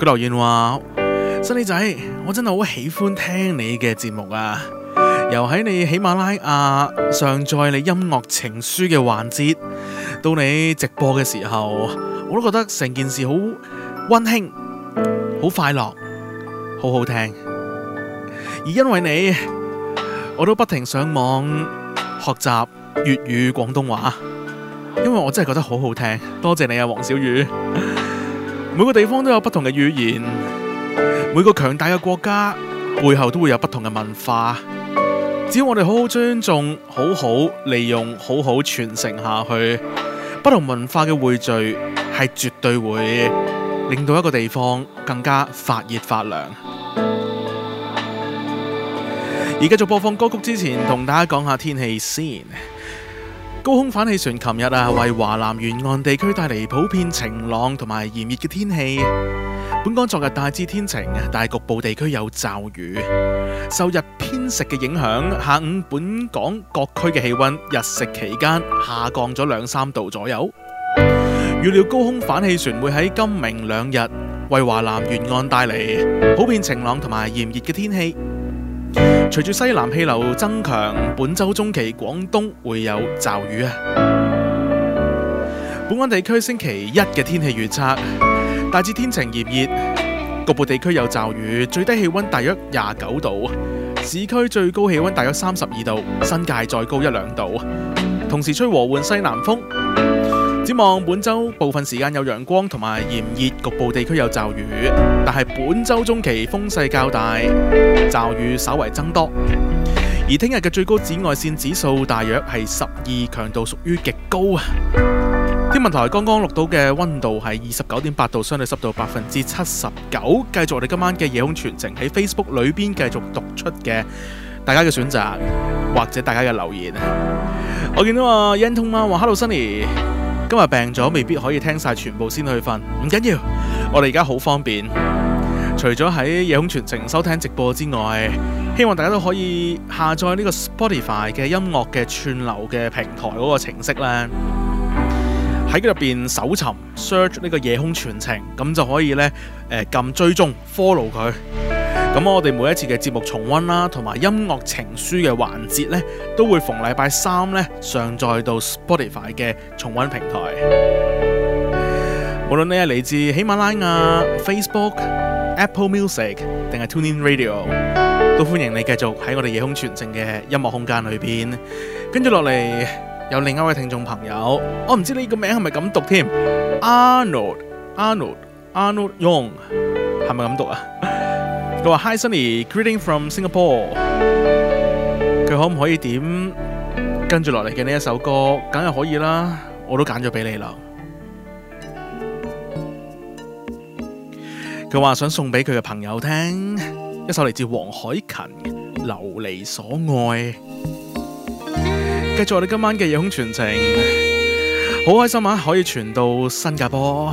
佢留言話：Sunny 仔，我真係好喜歡聽你嘅節目啊！由喺你喜馬拉雅上載你音樂情書嘅環節，到你直播嘅時候，我都覺得成件事好溫馨、好快樂、好好聽。而因為你，我都不停上網學習。粵語廣東話，因為我真係覺得好好聽，多謝你啊，黃小雨。 每個地方都有不同嘅語言，每個強大嘅國家背後都會有不同嘅文化。只要我哋好好尊重、好好利用、好好傳承下去，不同文化嘅匯聚係絕對會令到一個地方更加發熱發涼。而繼續播放歌曲之前，同大家講下天氣先。高空反氣旋琴日啊，為華南沿岸地區帶嚟普遍晴朗同埋炎熱嘅天氣。本港昨日大致天晴，但局部地區有驟雨。受日偏食嘅影響，下午本港各區嘅氣溫日食期間下降咗兩三度左右。預料高空反氣旋會喺今明兩日為華南沿岸帶嚟普遍晴朗同埋炎熱嘅天氣。隨住西南氣流增強，本周中期廣東會有驟雨啊！本港地區星期一嘅天氣預測，大致天晴炎熱，局部地區有驟雨，最低氣溫大約廿九度，市區最高氣溫大約三十二度，新界再高一兩度，同時吹和緩西南風。展望本周部分時間有陽光同埋炎熱，局部地區有驟雨。但係本周中期風勢較大，驟雨稍為增多。而聽日嘅最高紫外線指數大約係十二，強度屬於極高啊！天文台剛剛錄到嘅溫度係二十九點八度，相對濕度百分之七十九。繼續我哋今晚嘅夜空全程，夜空傳情喺 Facebook 裏邊繼續讀出嘅大家嘅選擇或者大家嘅留言。我見到啊，En Tong 啊，話 Hello Sunny。今日病咗，未必可以聽晒全部先去瞓，唔緊要。我哋而家好方便，除咗喺夜空全程收聽直播之外，希望大家都可以下載呢個 Spotify 嘅音樂嘅串流嘅平台嗰個程式咧，喺入邊搜尋 search 呢個夜空全程，咁就可以呢誒，撳、呃、追蹤 follow 佢。咁我哋每一次嘅節目重溫啦，同埋音樂情書嘅環節呢，都會逢禮拜三呢，上載到 Spotify 嘅重溫平台。無論你係嚟自喜馬拉雅、Facebook、Apple Music 定係 TuneIn Radio，都歡迎你繼續喺我哋夜空傳情嘅音樂空間裏邊。跟住落嚟有另一位聽眾朋友，我、哦、唔知道你這個名係咪咁讀添，Arnold Arnold Arnold Young，係咪咁讀啊？佢話 Hi Sunny，greeting from Singapore。佢可唔可以點跟住落嚟嘅呢一首歌，梗係可以啦。我都揀咗俾你啦。佢話想送俾佢嘅朋友聽一首嚟自黃海芹《流離所愛》。繼續我哋今晚嘅夜空傳情，好開心啊！可以傳到新加坡。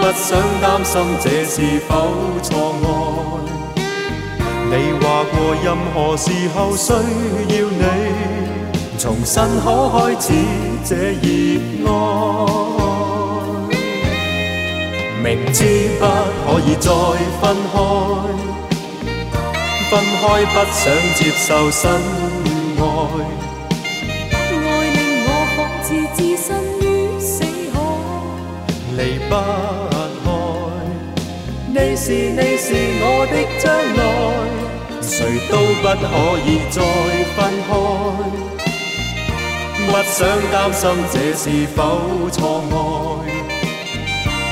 不想擔心這是否錯愛，你話過任何時候需要你，重新可開始這熱愛。明知不可以再分開，分開不想接受新愛。是你是我的將來，誰都不可以再分開。不想擔心這是否錯愛。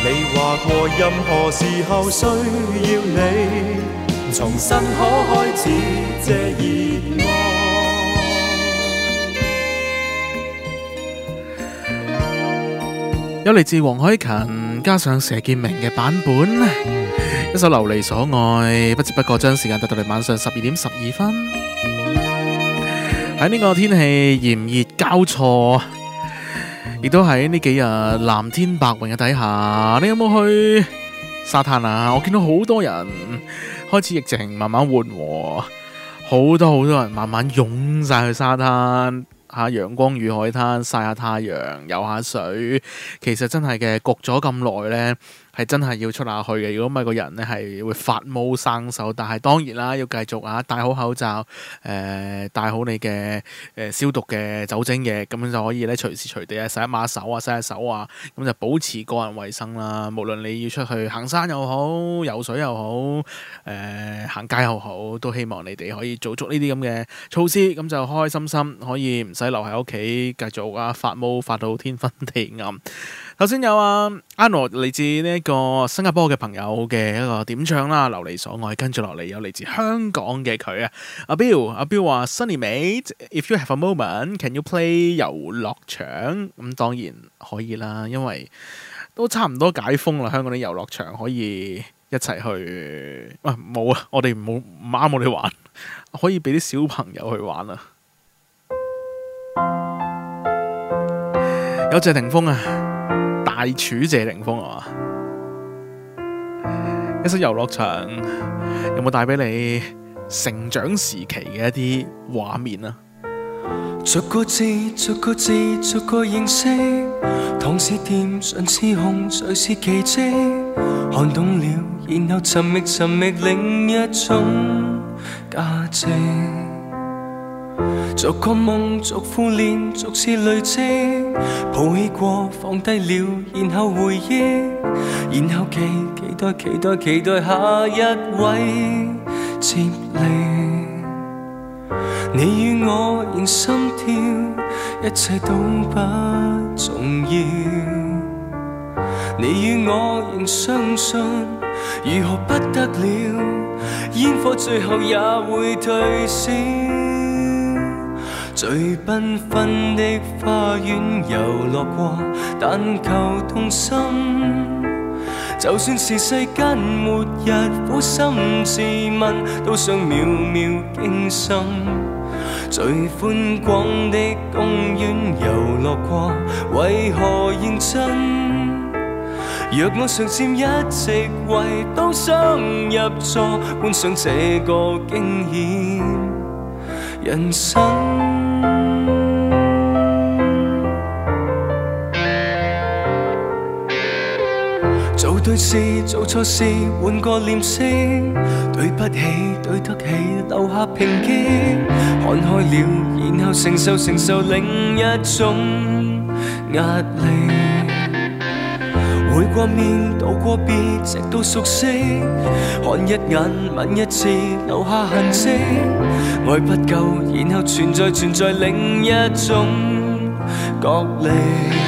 你話過任何時候需要你，重新可開始這熱愛。有來自黃凱芹加上佘建明嘅版本。一首流離所愛，不知不覺將時間帶到嚟晚上十二點十二分。喺呢個天氣炎熱交錯，亦都喺呢幾日藍天白雲嘅底下，你有冇去沙灘啊？我見到好多人開始疫情慢慢緩和，好多好多人慢慢湧晒去沙灘，下陽光與海灘晒下太陽，遊下水。其實真係嘅焗咗咁耐呢。係真係要出下去嘅，如果唔係個人咧係會發毛生手。但係當然啦，要繼續啊，戴好口罩，呃、戴好你嘅消毒嘅酒精嘅。咁就可以咧隨時隨地啊洗一馬手啊，洗下手啊，咁就保持個人衛生啦。無論你要出去行山又好，游水又好，呃，行街又好，都希望你哋可以做足呢啲咁嘅措施，咁就開開心心，可以唔使留喺屋企，繼續啊發毛發到天昏地暗。首先有、啊、阿阿羅嚟自呢一個新加坡嘅朋友嘅一個點唱啦，流離所愛跟住落嚟有嚟自香港嘅佢啊，阿 Bill 阿 Bill 話 Sunny mate, if you have a moment，can you play 遊樂場？咁、嗯、當然可以啦，因為都差唔多解封啦，香港啲遊樂場可以一齊去。喂，冇啊，沒有我哋冇唔啱我哋玩，可以俾啲小朋友去玩啊。有謝霆鋒啊！大廚謝霆鋒啊，一首遊樂場有冇帶俾你成長時期嘅一啲畫面啊？逐個字，逐個字，逐個認識。唐詩殿上次控誰是奇跡？看懂了，然後尋覓，尋覓另一種價值。逐個夢，逐副臉，逐次累積。抱起過，放低了，然後回憶，然後期，期待，期待，期待下一位接力。你與我仍心跳，一切都不重要。你與我仍相信，如何不得了，煙火最後也會退燒。最繽紛，紛的花園遊樂過，但求動心。就算是世間末日，撫心自問，都想秒秒驚心。最寬廣的公園遊樂過，為何認真？若我倘佔一席位，都想入座，觀賞這個驚險人生。對事做錯事，換個臉色。對不起對得起，留下平靜。看開了，然後承受承受另一種壓力。會過面道過別，直到熟悉。看一眼吻一次，留下痕跡。愛不夠，然後存在存在另一種角力。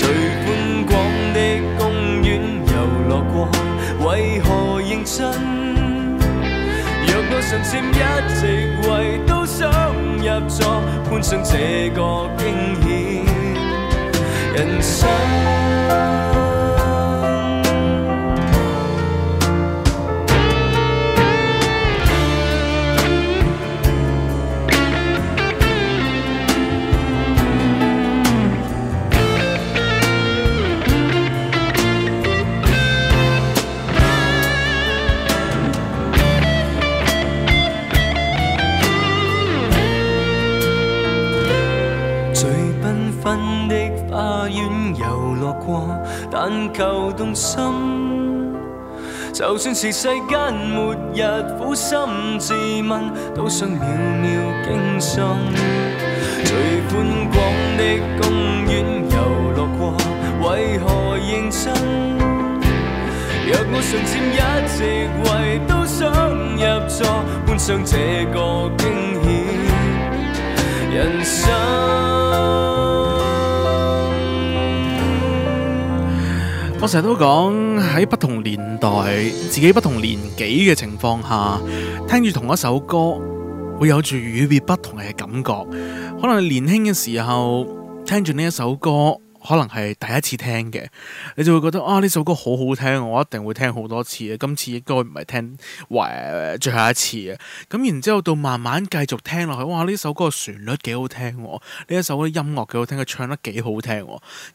在寬廣的公園遊樂過，為何認真？若我想佔一席位都想入座，觀賞這個驚險人生。但求動心，就算是世間末日，撫心自問，都想秒秒驚心。最 寬廣的公園遊樂過，為何認真？ 若我尚佔一席位，都想入座，觀賞這個驚險人生。我成日都講喺不同年代、自己不同年紀嘅情況下，聽住同一首歌會有住與別不同嘅感覺。可能你年輕嘅時候聽住呢一首歌。可能係第一次聽嘅，你就會覺得啊，呢首歌好好聽，我一定會聽好多次嘅。今次應該唔係聽壞最後一次嘅。咁然之後到慢慢繼續聽落去，哇！呢首歌嘅旋律幾好聽，呢一首嘅音樂幾好聽，佢唱得幾好聽。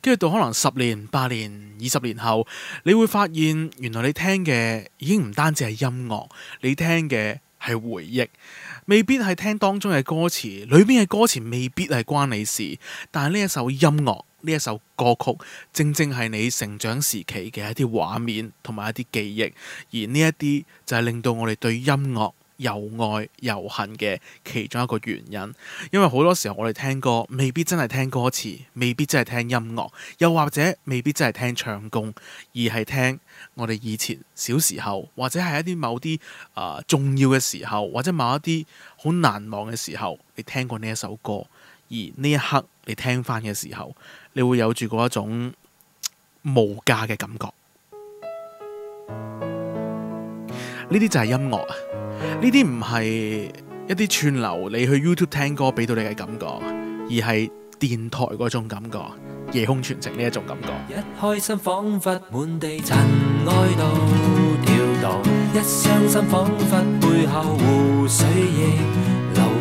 跟住到可能十年、八年、二十年後，你會發現原來你聽嘅已經唔單止係音樂，你聽嘅係回憶。未必係聽當中嘅歌詞，裏邊嘅歌詞未必係關你事，但係呢一首音樂。呢一首歌曲，正正係你成長時期嘅一啲畫面同埋一啲記憶，而呢一啲就係令到我哋對音樂又愛又恨嘅其中一個原因。因為好多時候我哋聽歌未必真係聽歌詞，未必真係聽音樂，又或者未必真係聽唱功，而係聽我哋以前小時候，或者係一啲某啲、呃、重要嘅時候，或者某一啲好難忘嘅時候，你聽過呢一首歌，而呢一刻你聽翻嘅時候。你會有住嗰一種無價嘅感覺，呢啲就係音樂啊！呢啲唔係一啲串流，你去 YouTube 聽歌俾到你嘅感覺，而係電台嗰種感覺，夜空傳情呢一種感覺。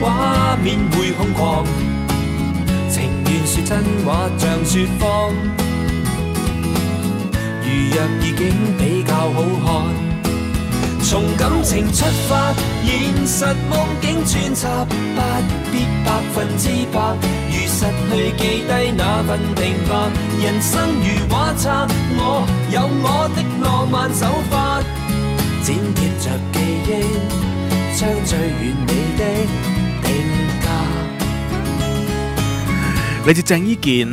畫面會空曠，情願說真話像說謊。如若意境比較好看，從感情出發，現實夢境穿插，不必百分之百，如實去記低那份平凡。人生如畫冊，我有我的浪漫手法，剪貼着記憶，將最完美的。你似鄭伊健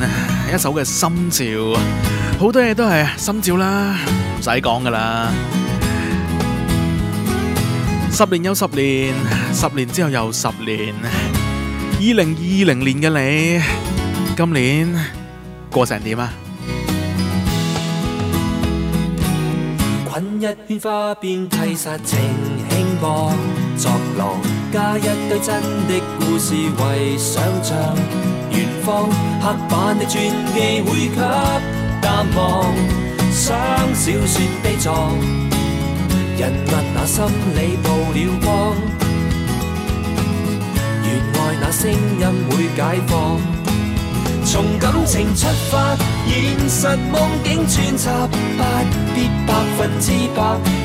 一首嘅心照，好多嘢都係心照啦，唔使講噶啦。十年又十年，十年之後又十年，二零二零年嘅你，今年過成點啊？滾一圈花邊替殺情輕歌作流。加一堆真的故事為想象，遠方黑板的傳記會給淡忘，寫小說悲壯，人物那心理曝了光，原來那聲音會解放，從感情出發，現實夢境穿插，不必百分之百。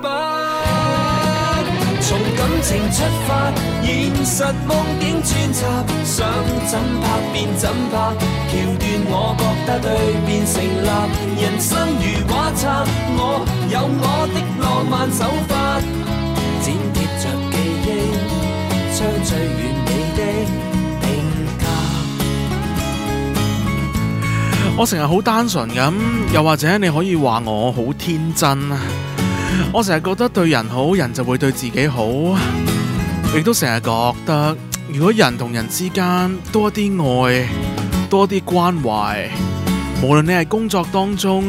不從感情出發，現實夢境穿插，想怎拍便怎拍，橋段我覺得對，變成立。人生如畫冊，我有我的浪漫手法，剪貼着記憶，將最完美的定格。我成日好單純咁，又或者你可以話我好天真啊。我成日覺得對人好人就會對自己好，亦都成日覺得如果人同人之間多啲愛，多啲關懷，無論你係工作當中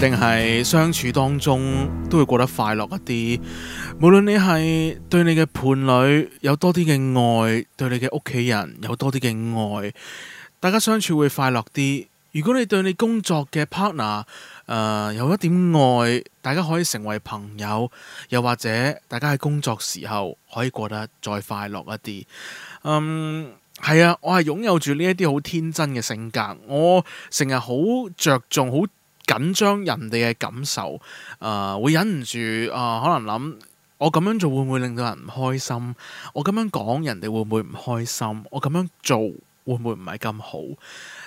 定係相處當中，都會過得快樂一啲。無論你係對你嘅伴侶有多啲嘅愛，對你嘅屋企人有多啲嘅愛，大家相處會快樂啲。如果你對你工作嘅 partner，誒、呃、有一點愛，大家可以成為朋友，又或者大家喺工作時候可以過得再快樂一啲。嗯，係啊，我係擁有住呢一啲好天真嘅性格，我成日好着重、好緊張人哋嘅感受。誒、呃、會忍唔住誒、呃，可能諗我咁樣做會唔會令到人唔開心？我咁樣講人哋會唔會唔開心？我咁樣做會唔會唔係咁好？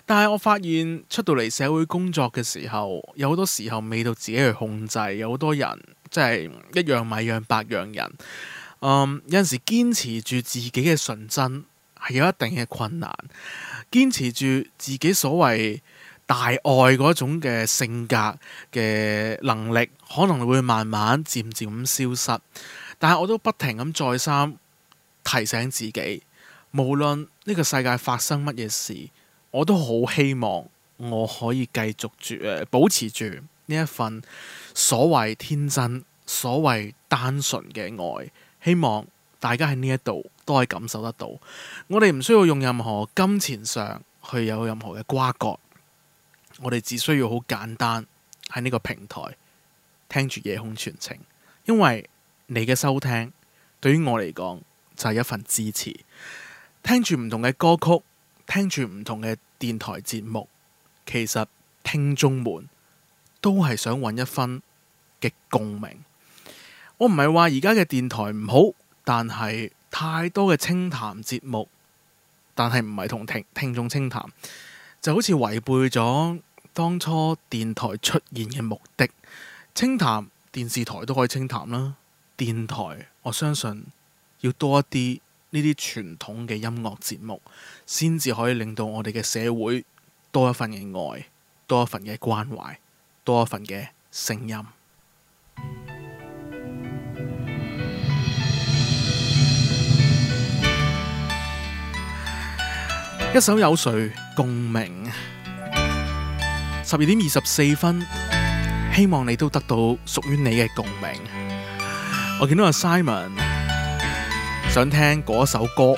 但係我發現出到嚟社會工作嘅時候，有好多時候未到自己去控制，有好多人，即係一樣米養百樣人。嗯，有陣時堅持住自己嘅純真係有一定嘅困難，堅持住自己所謂大愛嗰種嘅性格嘅能力，可能會慢慢漸漸咁消失。但係我都不停咁再三提醒自己，無論呢個世界發生乜嘢事。我都好希望我可以繼續住誒，保持住呢一份所謂天真、所謂單純嘅愛。希望大家喺呢一度都可以感受得到。我哋唔需要用任何金錢上去有任何嘅瓜葛，我哋只需要好簡單喺呢個平台聽住夜空傳情，因為你嘅收聽對於我嚟講就係一份支持。聽住唔同嘅歌曲。聽住唔同嘅電台節目，其實聽眾們都係想揾一分嘅共鳴。我唔係話而家嘅電台唔好，但係太多嘅清談節目，但係唔係同聽聽眾清談，就好似違背咗當初電台出現嘅目的。清談電視台都可以清談啦，電台我相信要多一啲呢啲傳統嘅音樂節目。先至可以令到我哋嘅社會多一份嘅愛，多一份嘅關懷，多一份嘅聲音。一首有誰共鳴？十二點二十四分，希望你都得到屬於你嘅共鳴。我見到阿 Simon 想聽嗰首歌。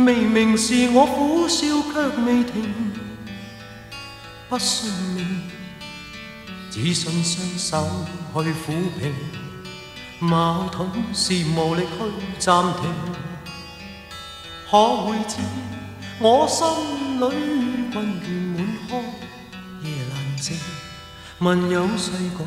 明明是我苦笑卻未停，不信命，只信雙手去苦拼。矛盾是無力去暫停，可會知我心裏困倦滿腔，夜闌靜，問有誰共？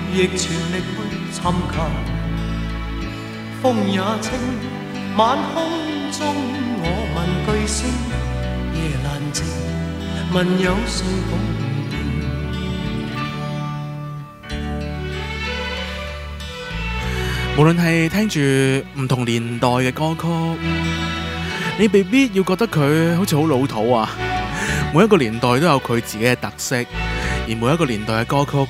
亦全力去參考風也清晚空中我問句星夜闌靜問有誰共鳴。無論係聽住不同年代的歌曲，你未必，必要覺得佢好似好老土啊，每一個年代都有佢自己的特色，而每一個年代的歌曲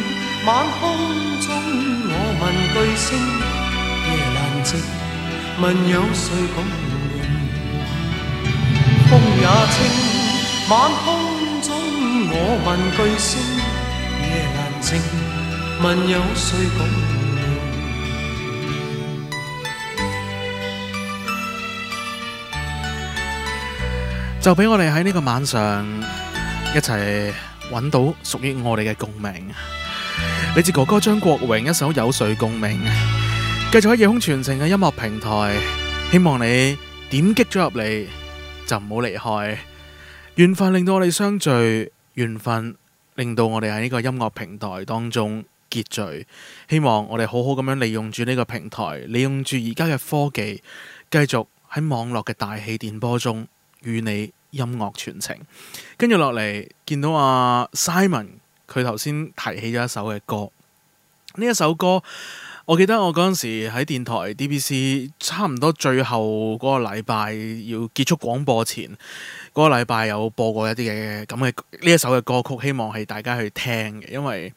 晚空中，我問句星，夜闌靜，問有誰共鳴？風也清，晚空中，我問句星，夜闌靜，問有誰共鳴？就俾我哋喺呢個晚上一齊揾到屬於我哋嘅共鳴。你治哥哥張國榮一首有誰共鳴，繼續喺夜空傳情嘅音樂平台，希望你點擊咗入嚟就唔好離開。緣分令到我哋相聚，緣分令到我哋喺呢個音樂平台當中結聚。希望我哋好好咁樣利用住呢個平台，利用住而家嘅科技，繼續喺網絡嘅大氣電波中與你音樂傳情。跟住落嚟見到阿、啊、Simon。佢頭先提起咗一首嘅歌，呢一首歌，我記得我嗰陣時喺電台 DBC 差唔多最後嗰個禮拜要結束廣播前，嗰、嗰個禮拜有播過一啲嘅咁嘅呢一首嘅歌曲，希望係大家去聽嘅，因為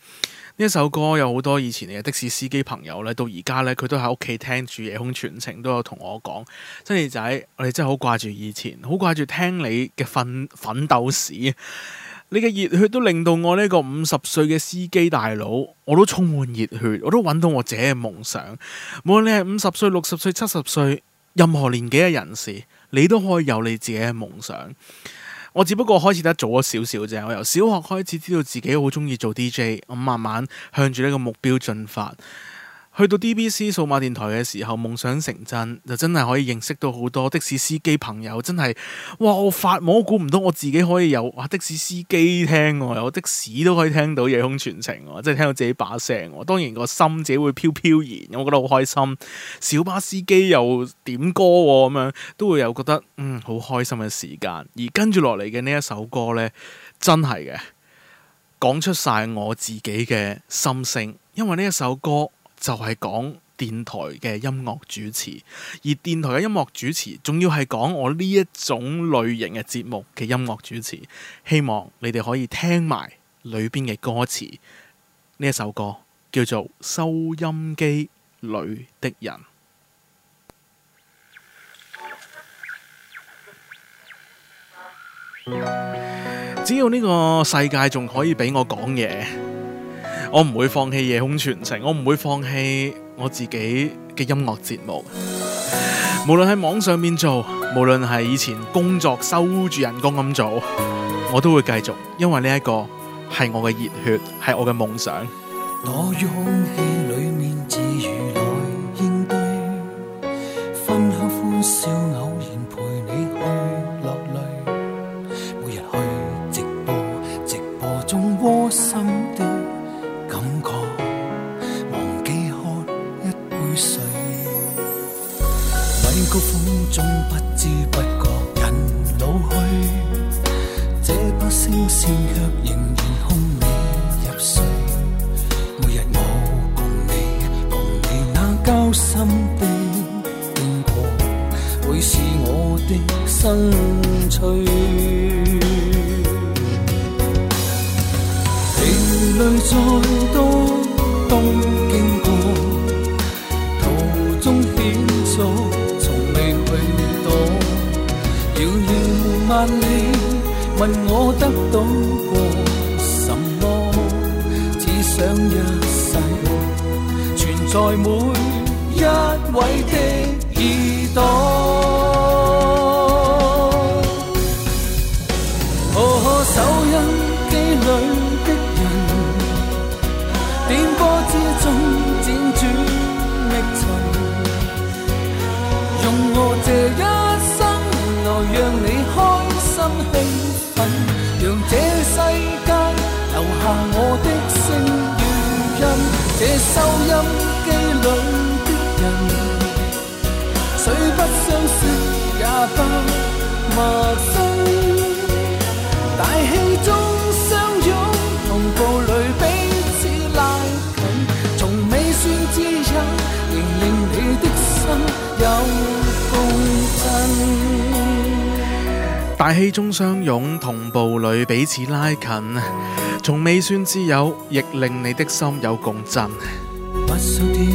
呢一首歌有好多以前嘅的，的士司機朋友呢，到而家呢，佢都喺屋企聽住夜空全程夜空傳情都有同我講，Sunny 仔，我哋真係好掛住以前，好掛住聽你嘅奮奮鬥史。你嘅熱血都令到我呢個五十歲嘅司機大佬，我都充滿熱血，我都揾到我自己嘅夢想。無論你係五十歲、六十歲、七十歲，任何年紀嘅人士，你都可以有你自己嘅夢想。我只不過開始得早咗少少啫，我由小學開始知道自己好中意做 DJ，我慢慢向住呢個目標進發。去到 DBC 數碼電台嘅時候，夢想成真就真係可以認識到好多的士司機朋友，真係哇！我發夢都估唔到我自己可以有哇！的士司機聽喎，哦，我的士都可以聽到夜空傳情，哦，即，就，係，是，聽到自己把聲。當然個心自己會飄飄然，我覺得好開心。小巴司機又點歌咁，哦，樣，都會有覺得嗯，好開心嘅時間。而跟住落嚟嘅呢一首歌呢，真係嘅講出晒我自己嘅心聲，因為呢一首歌。就係講電台嘅音樂主持，而電台嘅音樂主持，仲要係講我呢一種類型嘅節目嘅音樂主持，希望你哋可以聽埋裏邊嘅歌詞。呢一首歌叫做《收音機裏的人》，只要呢個世界仲可以俾我講嘢。我唔會放棄夜空傳情，我唔會放棄我自己嘅音樂節目。無論喺網上面做，無論係以前工作收住人工咁做，我都會繼續，因為呢一個係我嘅熱血，係我嘅夢想。我氣裏面彼此拉近，從未算之友，亦令你的心有共振。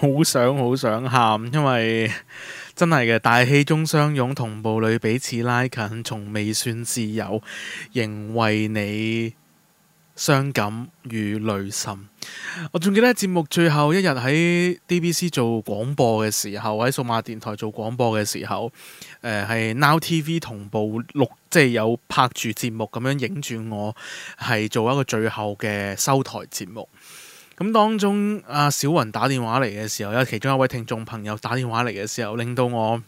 好想好想喊，因為真係嘅大氣中相擁同步裏彼此拉近，從未算自由，仍為你傷感與淚心。我仲記得節目最後一日喺 DBC 做廣播嘅時候，喺數碼電台做廣播嘅時候，誒、呃係 now TV 同步錄，即係有拍住節目咁樣影住我，係做一個最後嘅收台節目。咁當中，阿小云打電話嚟嘅時候，有其中一位聽眾朋友打電話嚟嘅時候，令到我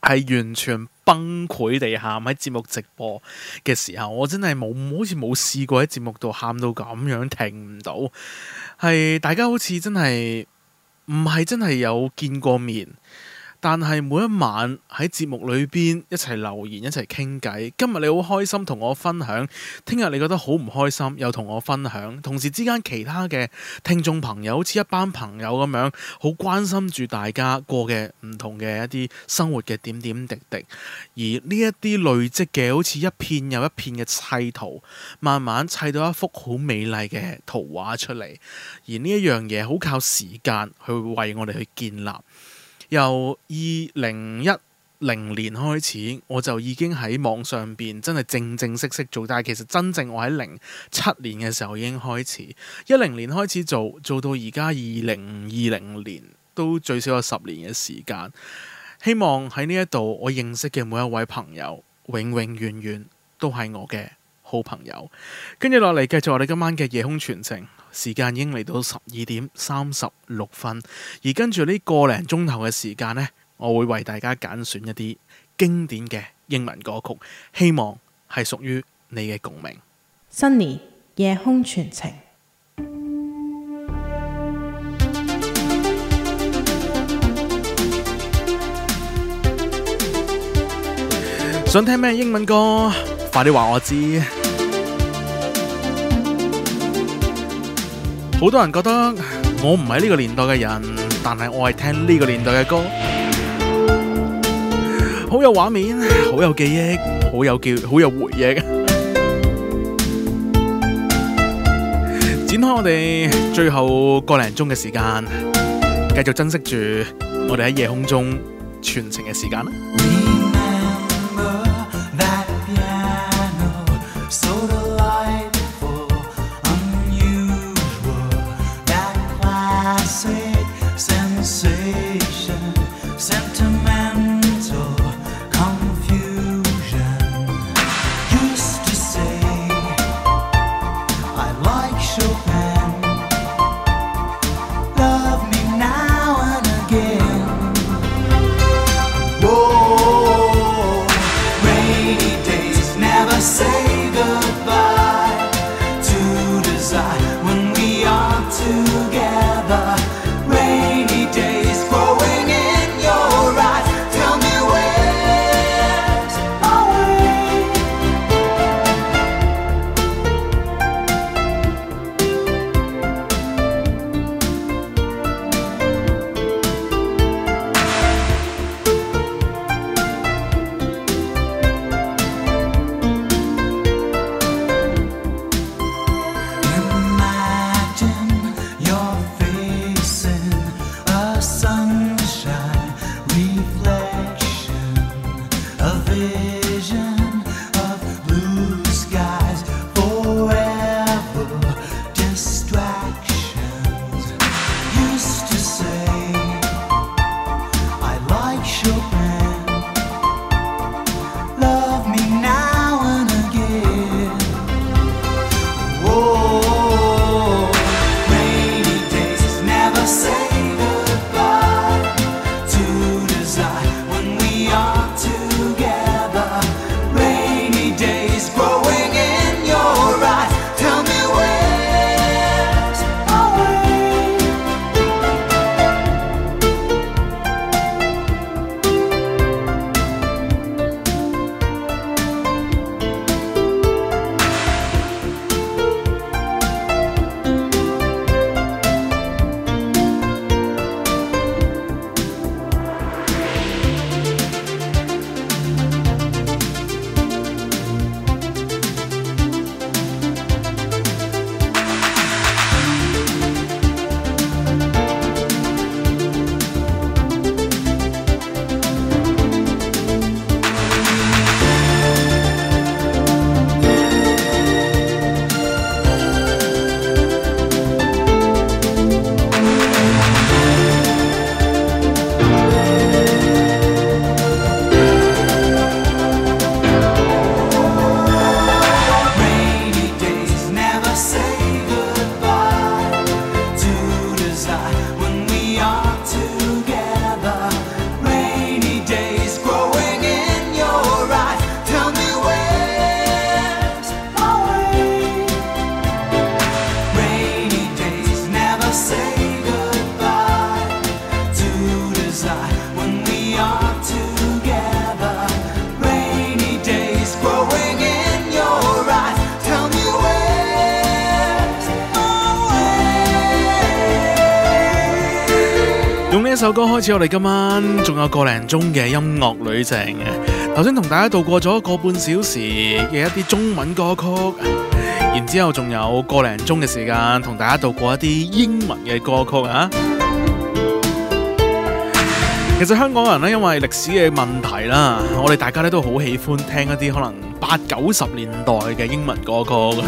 係完全崩潰地喊。喺節目直播嘅時候，我真係冇，好似冇試過喺節目度喊到咁樣，停唔到。係大家好似真係唔係真係有見過面。但係每一晚喺節目裏邊一齊留言一齊傾偈，今日你好開心同我分享，聽日你覺得好唔開心又同我分享，同時之間其他嘅聽眾朋友好似一班朋友咁樣，好關心住大家過嘅唔同嘅一啲生活嘅點點滴滴，而呢一啲累積嘅好似一片又一片嘅砌圖，慢慢砌到一幅好美麗嘅圖畫出嚟，而呢一樣嘢好靠時間去為我哋去建立。由二零一零年開始，我就已經喺網上邊真係正正式式做，但係其實真正我喺零七年嘅時候已經開始，一零年開始做，做到而家二零二零年都最少有十年嘅時間。希望喺呢一度我認識嘅每一位朋友，永永遠遠都係我嘅好朋友。跟住落嚟，繼續我哋今晚嘅夜空傳情。時間已經嚟到十二點三十六分，而跟住呢個零鐘頭嘅時間呢，我會為大家揀選一啲經典嘅英文歌曲，希望係屬於你嘅共鳴。新年夜空傳情，想聽咩英文歌？快啲話我知。好多人覺得我唔係呢個年代嘅人，但係我係聽呢個年代嘅歌，好有畫面，好有記憶，好有叫，好有回憶。 展開我哋最後個零鐘嘅時間，繼續珍惜住我哋喺夜空中傳情嘅時間啦。開始我哋今晚仲有個零鐘嘅音樂旅程啊！頭先同大家度過咗個半小時嘅一啲中文歌曲，然之後仲有個零鐘嘅時間同大家度過一啲英文嘅歌曲啊！其實香港人呢，因為歷史嘅問題啦，我哋大家咧都好喜歡聽一啲可能八九十年代嘅英文歌曲嘅。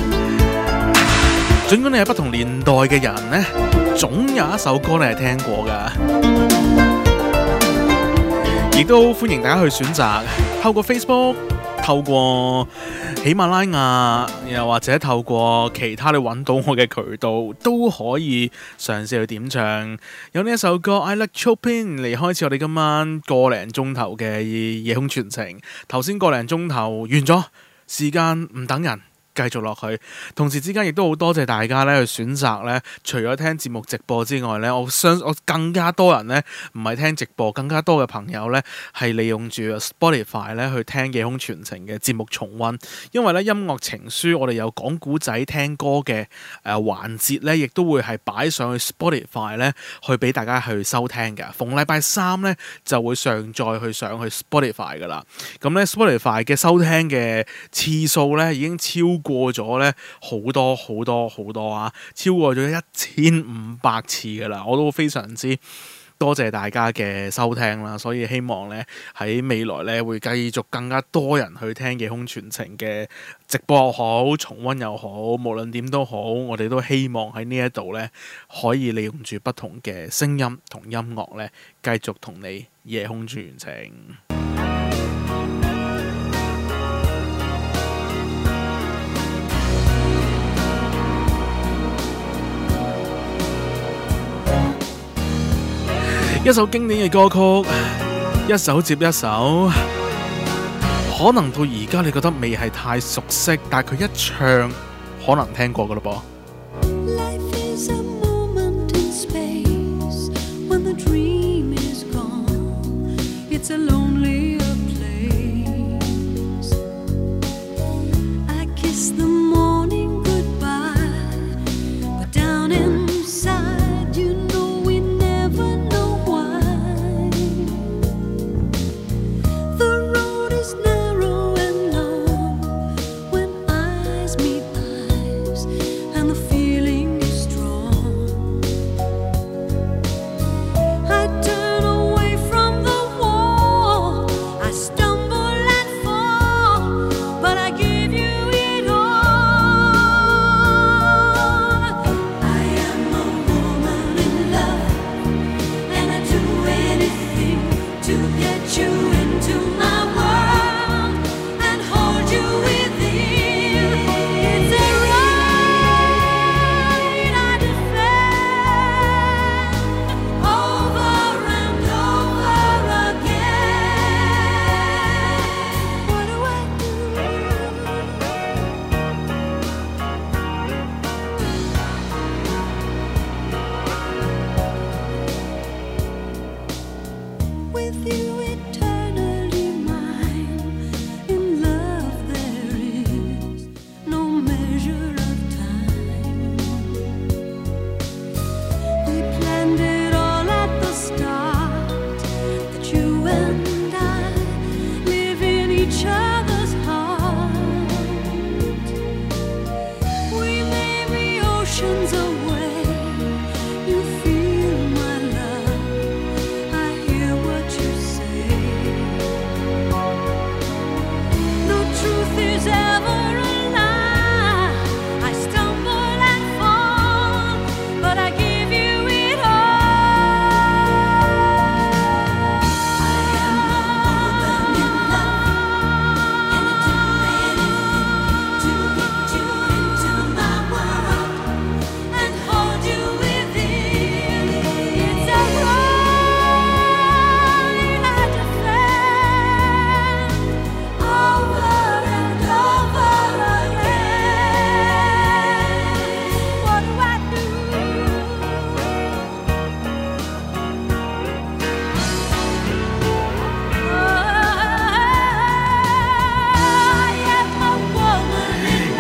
儘管你係不同年代嘅人呢，總有一首歌你係聽過噶。亦都歡迎大家去選擇透過 Facebook，透過喜馬拉雅，又或者透過其他你揾到我嘅渠道，都可以嘗試去點唱。有呢一首歌《I Like Chopin》嚟，開始我哋今晚個零鐘頭嘅夜空傳情。頭先個零鐘頭完咗，時間唔等人。繼續落去，同時之間亦都好多謝大家咧去選擇咧，除咗聽節目直播之外咧，我相我更加多人咧唔係聽直播，更加多嘅朋友咧係利用住 Spotify 咧去聽夜空傳情嘅節目重溫，因為咧音樂情書我哋有講古仔聽歌嘅誒環節咧，亦、呃、都會係擺上去 Spotify 咧去俾大家去收聽嘅。逢禮拜三咧就會上載去上去 Sp 的 Spotify 噶啦，咁咧 Spotify 嘅收聽嘅次數咧已經超過咗咧好多好多好多啊，超過咗一千五百次噶啦，我都非常之多謝大家嘅收聽啦。所以希望咧喺未來咧會繼續更加多人去聽夜空傳情嘅直播又好，重溫又好，無論點都好，我哋都希望喺呢一度咧可以利用住不同嘅聲音同音樂咧，繼續同你夜空傳情。一首經典嘅歌曲，一首接一首，可能到而家你覺得未係太熟悉，但係佢一唱，可能聽過㗎喇噃。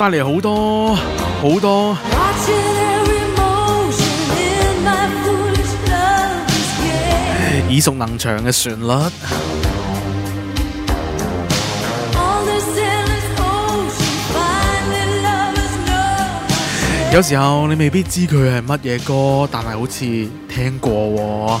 帶嚟好多好多，耳熟 能詳嘅旋律。 有時候你未必知佢係乜嘢歌，但係好似聽過喎。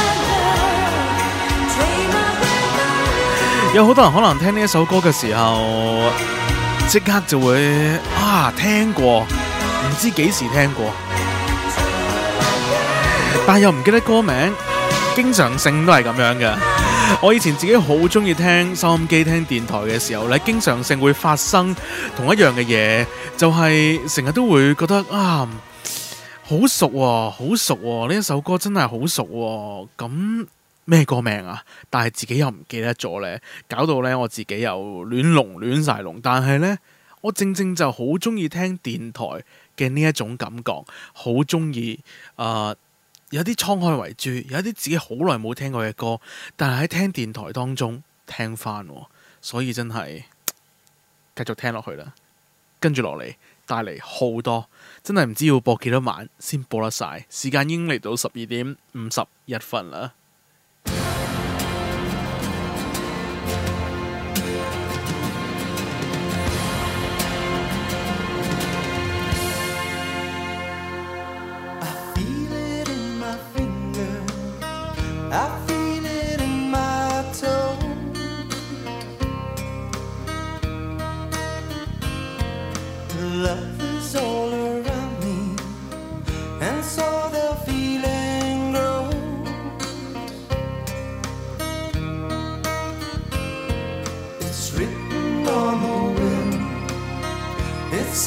有好多人可能聽呢一首歌嘅時候，即刻就會啊聽過，唔知幾時聽過，但又唔記得歌名，經常性都係咁樣嘅。我以前自己好中意聽收音機、聽電台嘅時候咧，經常性會發生同一樣嘅嘢，就係成日都會覺得啊好熟，好熟呢一首歌真係好熟咁。咩歌名啊？但係自己又唔記得咗咧，搞到咧我自己又亂龍亂晒龍。但係咧，我正正就好中意聽電台嘅呢一種感覺，好中意啊。有啲滄海遺珠，有一啲自己好耐冇聽過嘅歌，但係喺聽電台當中聽翻，所以真係繼續聽落去啦。跟住落嚟帶嚟好多，真係唔知要播幾多晚先播得晒。時間已經嚟到十二點五十一分啦。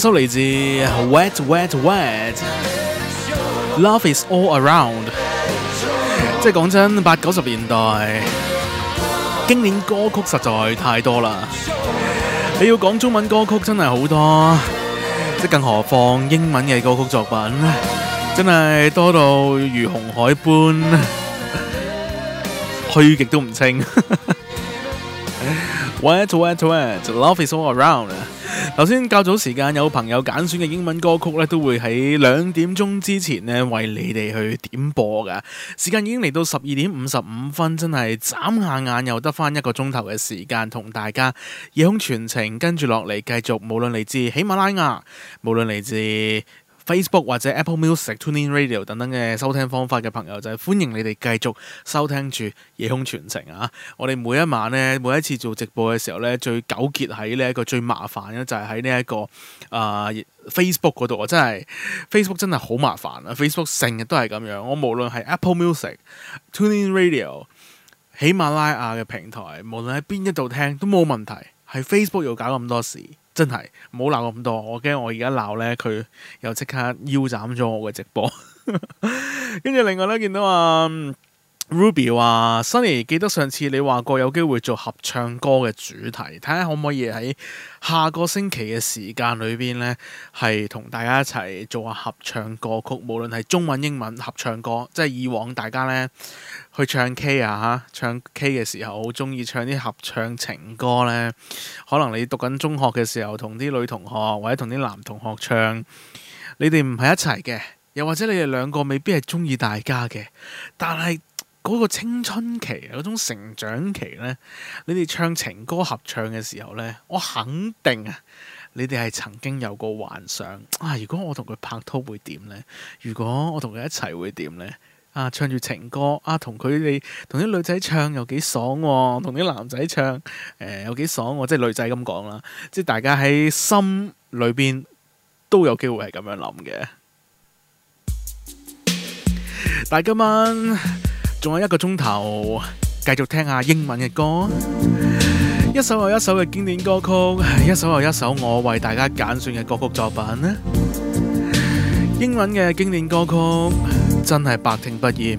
收嚟自 Wet Wet Wet，Love Is All Around。即係講真，八九十年代經典歌曲實在太多啦。你要講中文歌曲真係好多，即係更何況英文嘅歌曲作品，真係多到如紅海般，虛極都唔清。 Where to where to where to Love is all around。頭先較早時間有朋友揀選嘅英文歌曲咧，都會喺兩點鐘之前呢為你哋去點播㗎。時間已經嚟到十二點五十五分，真係眨下眼又得返一個鐘頭嘅時間同大家夜空全程跟住落嚟，繼續無論嚟自喜馬拉雅，無論嚟自。Facebook 或者 Apple Music、Tuning Radio 等等嘅收聽方法嘅朋友，就係、是、歡迎你哋繼續收聽住夜空傳情啊！我哋每一晚咧，每一次做直播嘅時候咧，最糾結喺呢一個最麻煩嘅就係喺呢一個啊、呃、Facebook 嗰度。我真係 Facebook 真係好麻煩啊！Facebook 成日都係咁樣，我無論係 Apple Music、Tuning Radio、喜馬拉雅嘅平台，無論喺邊一度聽都冇問題，係 Facebook 又搞咁多事。真係唔好鬧咁多，我驚我而家鬧咧，佢又即刻腰斬咗我嘅直播。跟住另外咧，見到啊。Ruby 話：Sunny 記得上次你話過有機會做合唱歌嘅主題，睇下可唔可以喺下個星期嘅時間裏邊咧，係同大家一齊做下合唱歌曲。無論係中文、英文合唱歌，即係以往大家咧去唱 K 啊，嚇唱 K 嘅時候好中意唱啲合唱情歌咧。可能你讀緊中學嘅時候，同啲女同學或者同啲男同學唱，你哋唔係一齊嘅，又或者你哋兩個未必係中意大家嘅，但係。嗰個青春期，嗰種成長期咧，你哋唱情歌合唱嘅時候咧，我肯定啊，你哋係曾經有過幻想啊。如果我同佢拍拖會點咧？如果我同佢一齊會點咧？啊，唱住情歌啊，同佢哋同啲女仔唱又幾爽喎，啊，同啲男仔唱誒又幾爽喎，啊，即係女仔咁講啦，即係大家喺心裏邊都有機會係咁樣諗嘅。但係今晚。仲有一個鐘頭，繼續聽下英文嘅歌，一首又一首嘅經典歌曲，一首又一首我為大家揀選嘅歌曲作品咧。英文嘅經典歌曲真係百聽不厭。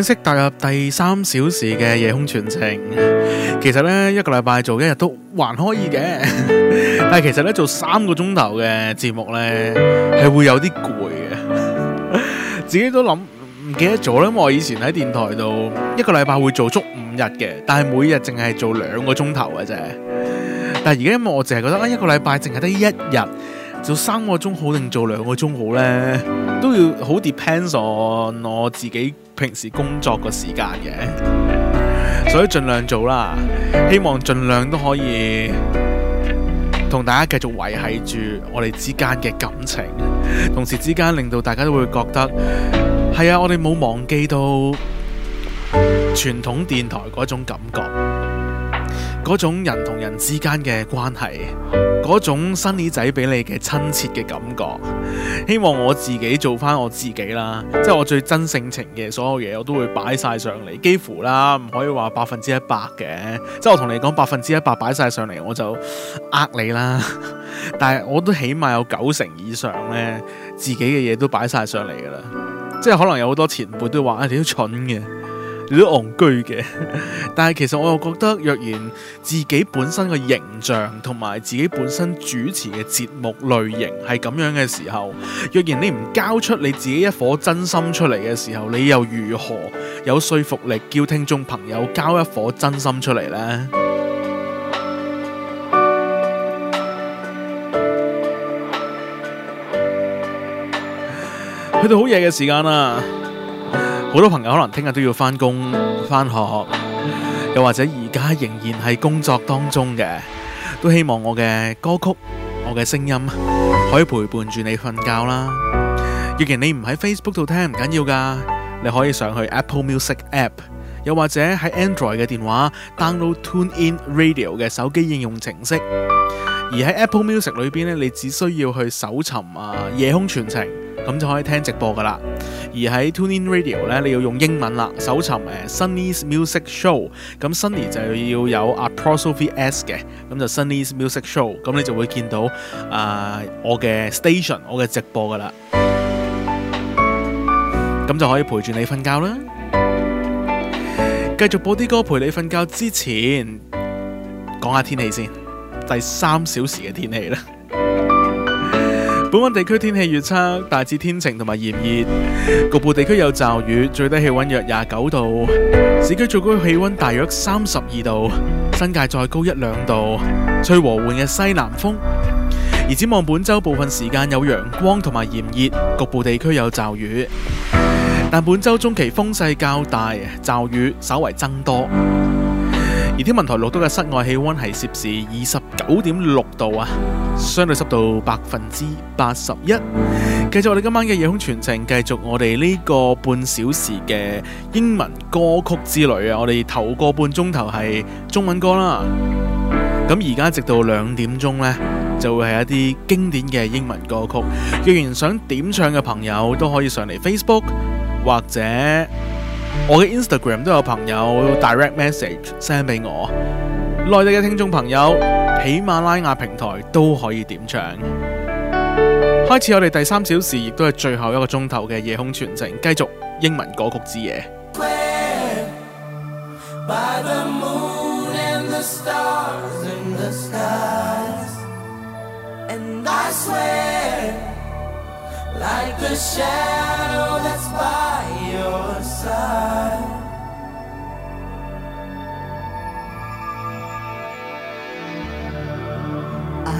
正式踏入第三小時嘅夜空全程，其實呢，一個禮拜做一日都還可以嘅，但係其實呢，做三個鐘頭嘅節目呢，係會有啲攰嘅。自己都諗唔記得咗啦，因為我以前喺電台度一個禮拜會做足五日嘅，但係每日淨係做兩個鐘頭嘅啫。但係而家因為我淨係覺得啊，一個禮拜淨係得一日。做三個鐘好定做兩個鐘好呢，都要好 depends on 我自己平時工作個時間嘅，所以盡量做啦。希望盡量都可以同大家繼續維係住我哋之間嘅感情，同時之間令到大家都會覺得係啊，我哋冇忘記到傳統電台嗰種感覺。嗰種人同人之間嘅關係，嗰種生耳仔俾你嘅親切嘅感覺，希望我自己做翻我自己啦，即係我最真性情嘅所有嘢，我都會擺晒上嚟，幾乎啦，唔可以話百分之一百嘅，即係我同你講百分之一百擺晒上嚟，我就呃你啦，但係我都起碼有九成以上呢，自己嘅嘢都擺晒上嚟噶啦，即係可能有好多前輩都話你都蠢嘅。你都戇居嘅，但係其實我又覺得，若然自己本身嘅形象同埋自己本身主持嘅節目類型係咁樣嘅時候，若然你唔交出你自己一顆真心出嚟嘅時候，你又如何有說服力叫聽眾朋友交一顆真心出嚟呢？去到好夜嘅時間啦。好多朋友可能聽日都要翻工、翻學，又或者而家仍然係工作當中嘅，都希望我嘅歌曲、我嘅聲音可以陪伴住你瞓覺啦。若然你唔喺 Facebook 度聽，唔緊要㗎，你可以上去 Apple Music App，又或者喺 Android 嘅電話 download Tune In Radio 嘅手機應用程式，而喺 Apple Music 裏面，你只需要去搜尋啊夜空傳情。咁就可以聽直播噶啦，而喺 TuneIn Radio 咧，你要用英文啦，搜尋、uh, Sunny's Music Show，咁 Sunny 就要有 Apostrophe S 嘅，咁就 Sunny's Music Show，咁你就會見到、呃、我嘅 station，我嘅直播噶啦，咁就可以陪住你瞓覺啦，繼續播啲歌陪你瞓覺之前，講下天氣先，第三小時嘅天氣啦。本港地區天氣預測，大致天晴同埋炎熱，局部地區有驟雨，最低氣溫約廿九度，市區最高氣溫大約三十二度，新界再高一兩度，吹和緩嘅西南風。而展望本周部分時間有陽光同埋炎熱，局部地區有驟雨，但本周中期風勢較大，驟雨稍為增多。而天文台錄到嘅室外氣溫係攝氏二十九點六度啊！相對濕度百分之八十一。繼續我哋今晚嘅夜空傳情，繼續我哋呢個半小時嘅英文歌曲之旅啊！我哋頭個半鐘頭係中文歌啦，咁而家直到兩點鐘呢，就會係一啲經典嘅英文歌曲。若然想點唱嘅朋友，都可以上嚟 Facebook 或者我嘅 Instagram 都有朋友 Direct Message send 俾我。內地嘅聽眾朋友，喜馬拉雅平台都可以點唱。開始我哋第三小時，亦都係最後一個鐘頭嘅夜空傳情，繼續英文歌曲之夜。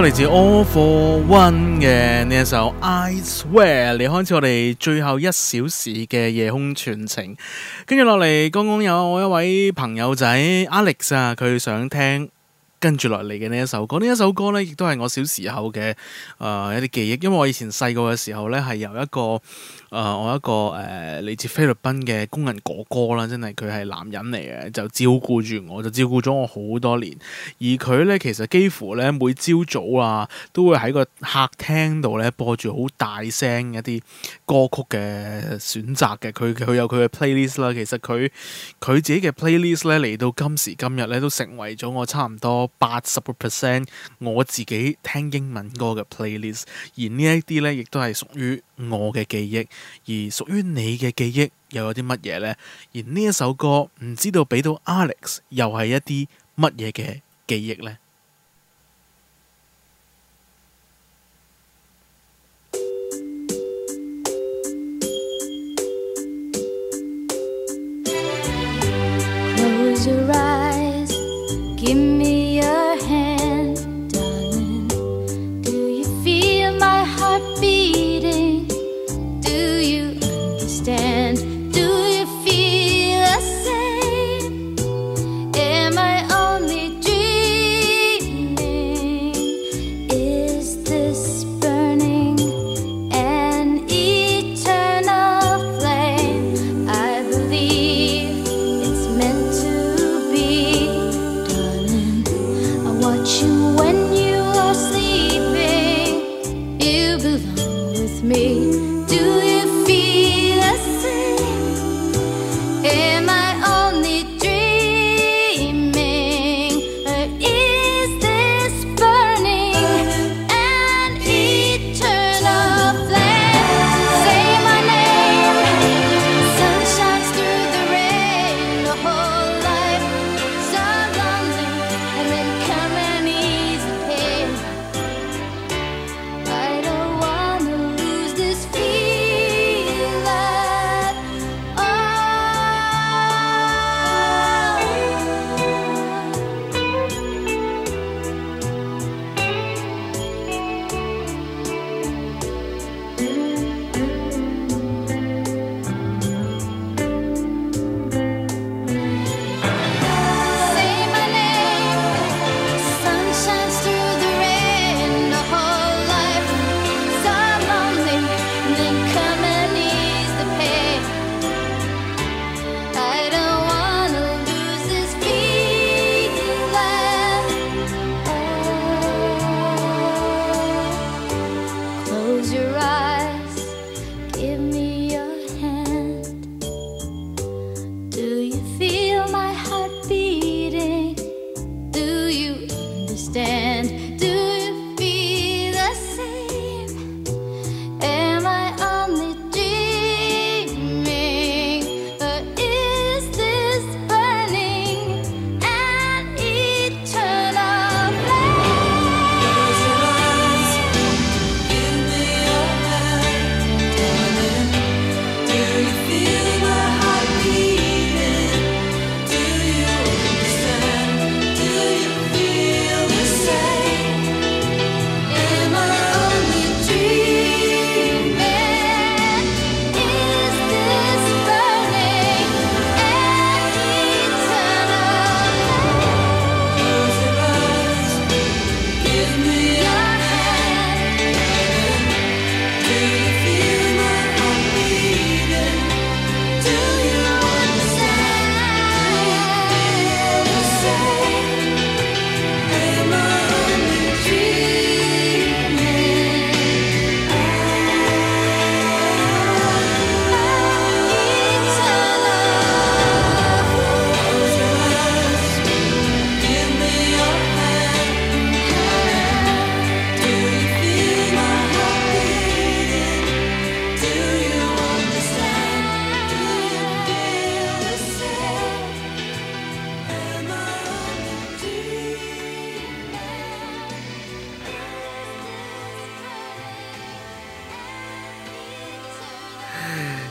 都嚟自 All-4-One 嘅呢一首 I Swear，嚟開始我哋最後一小時嘅夜空傳情，跟住落嚟，剛剛有我一位朋友仔 Alex 啊，佢想聽。跟住落嚟嘅呢一首歌，呢一首歌咧，亦都係我小時候嘅，誒、呃、一啲記憶。因為我以前細個嘅時候咧，係由一個誒、呃、我一個誒嚟、呃、自菲律賓嘅工人哥哥啦，真係佢係男人嚟嘅，就照顧住我，就照顧咗我好多年。而佢咧，其實幾乎咧每朝早啊，都會喺個客廳度咧播住好大聲一啲歌曲嘅選擇嘅。佢佢有佢嘅 playlist 啦。其實佢佢自己嘅 playlist 咧，嚟到今時今日咧，都成為咗我差唔多。八十個 percent 我自己聽英文歌嘅 playlist，而呢一啲呢亦都係屬於我嘅記憶。而屬於你嘅記憶又有啲乜嘢呢？而呢一首歌唔知道俾到 Alex 又係一啲乜嘢嘅記憶呢？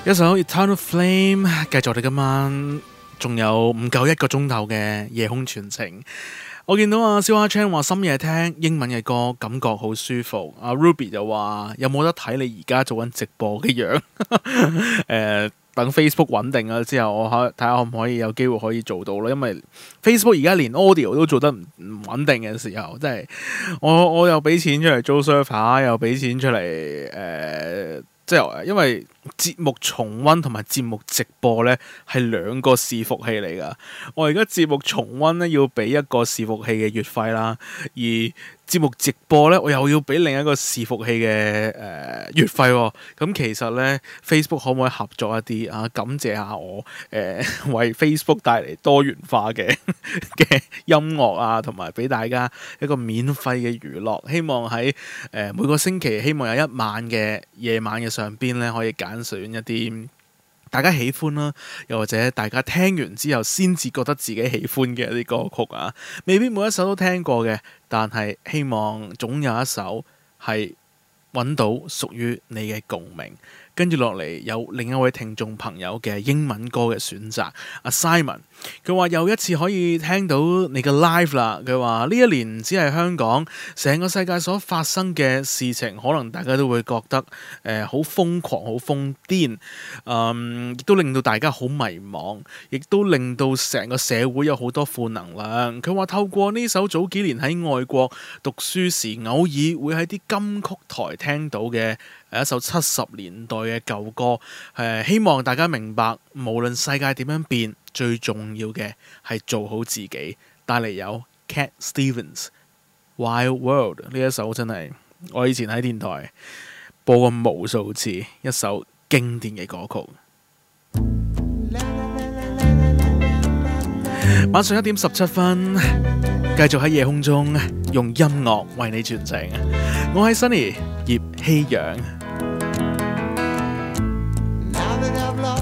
一首《Eternal Flame》，繼續我哋今晚仲有唔夠一個鐘頭嘅夜空傳情。我見到阿燒阿昌 h 話深夜聽英文嘅歌，感覺好舒服。阿、啊、Ruby 就話有冇得睇你而家做緊直播嘅樣子？誒、 呃，等 Facebook 穩定啊之後，我看看可睇下可唔可以有機會可以做到咯。因為 Facebook 而家連 Audio 都做得唔唔穩定嘅時候，即係我我又俾錢出嚟租 server，又俾錢出嚟誒、呃，即係因為。節目重溫同埋節目直播咧，係兩個伺服器嚟噶。我而家節目重溫咧，要俾一個伺服器嘅月費啦，而節目直播咧，我又要俾另一個伺服器嘅誒、呃、月費、哦。咁其實咧，Facebook 可唔可以合作一啲啊？感謝下我誒、呃、為 Facebook 帶嚟多元化嘅嘅 音樂啊，同埋俾大家一個免費嘅娛樂。希望喺誒、呃、每個星期希望有一晚嘅夜晚嘅上邊咧可以揀。選一啲大家喜歡啦，又或者大家聽完之後先至覺得自己喜歡嘅一啲歌曲啊，未必每一首都聽過嘅，但係希望總有一首係揾到屬於你嘅共鳴。跟住落嚟有另一位聽眾朋友嘅英文歌嘅選擇，阿 Simon，佢話又一次可以聽到你嘅 live 啦。佢話呢一年唔只係香港，成個世界所發生嘅事情，可能大家都會覺得誒好、呃、瘋狂、好瘋癲，嗯，亦都令到大家好迷茫，亦都令到成個社會有好多負能量。佢話透過呢首早幾年喺外國讀書時偶爾會喺啲金曲台聽到嘅。係一首七十年代嘅舊歌，誒，希望大家明白，無論世界點樣變，最重要嘅係做好自己。帶嚟有 Cat Stevens《Wild World》呢一首真係，我以前喺電台播過無數次，一首經典嘅歌曲。 晚上一點十七分，繼續喺夜空中用音樂為你傳情。我係 Sunny 葉希揚。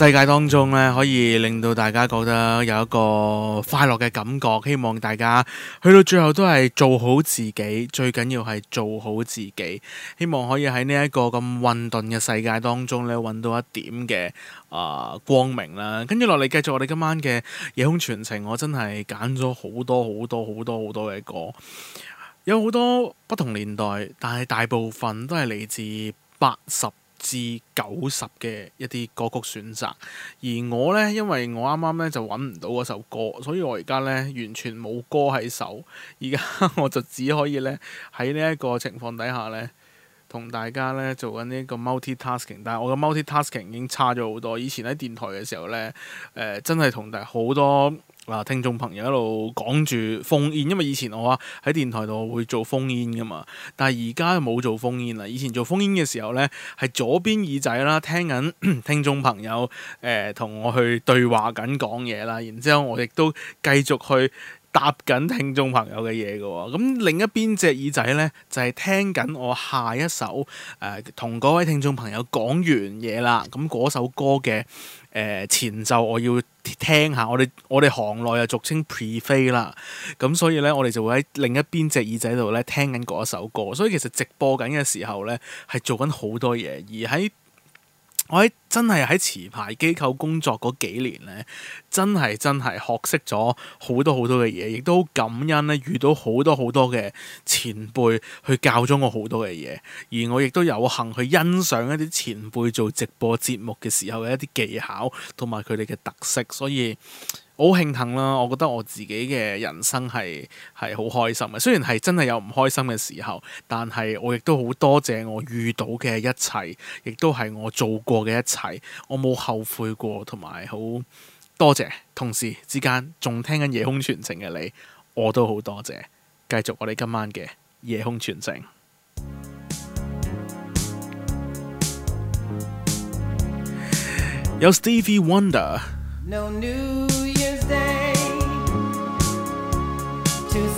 世界當中咧，可以令到大家覺得有一個快樂嘅感覺。希望大家去到最後都係做好自己，最緊要係做好自己。希望可以喺呢一個咁混沌嘅世界當中咧，揾到一點嘅啊、呃、光明啦。跟住落嚟，繼續我哋今晚嘅夜空傳情，我真係揀咗好多好多好多好多嘅歌，有好多不同年代，但係大部分都係嚟自八十。至九十嘅一啲歌曲選擇，而我咧，因為我啱啱咧就揾唔到嗰首歌，所以我而家咧完全冇歌喺手，而家我就只可以咧喺呢一個情況底下咧，同大家咧做緊呢一個 multi-tasking，但係我嘅 multi-tasking 已經差咗好多。以前喺電台嘅時候咧，呃，真係同大家好多。啊！聽眾朋友一路講住烽煙，因為以前我喺電台度會做烽煙㗎嘛，但係而家冇做烽煙啦。以前做烽煙嘅時候咧，係左邊耳仔啦，聽緊聽眾朋友誒同、呃、我去對話緊講嘢啦，然之後我亦都繼續去。搭緊聽眾朋友嘅嘢㗎喎，咁另一邊隻耳仔咧就係、是、聽緊我下一首同嗰、呃、位聽眾朋友講完嘢啦，咁嗰首歌嘅、呃、前奏我要聽下，我哋我哋行內又俗稱 preface 啦，咁所以咧我哋就會喺另一邊隻耳仔度咧聽緊嗰一首歌，所以其實直播緊嘅時候咧係做緊好多嘢，而喺我喺真係喺持牌機構工作嗰幾年咧，真係真係學識咗好多好多嘅嘢，亦都感恩咧遇到好多好多嘅前輩去教咗我好多嘅嘢，而我亦都有幸去欣賞一啲前輩做直播節目嘅時候嘅一啲技巧同埋佢哋嘅特色，所以，好慶幸啦！我覺得我自己嘅人生係係好開心嘅，雖然係真係有唔開心嘅時候，但係我亦都好多謝我遇到嘅一切，亦都係我做過嘅一切，我冇後悔過，同埋好多謝同時之間仲聽緊夜空傳情嘅你，我都好多謝。繼續我哋今晚嘅夜空傳情，有 Stevie Wonder。No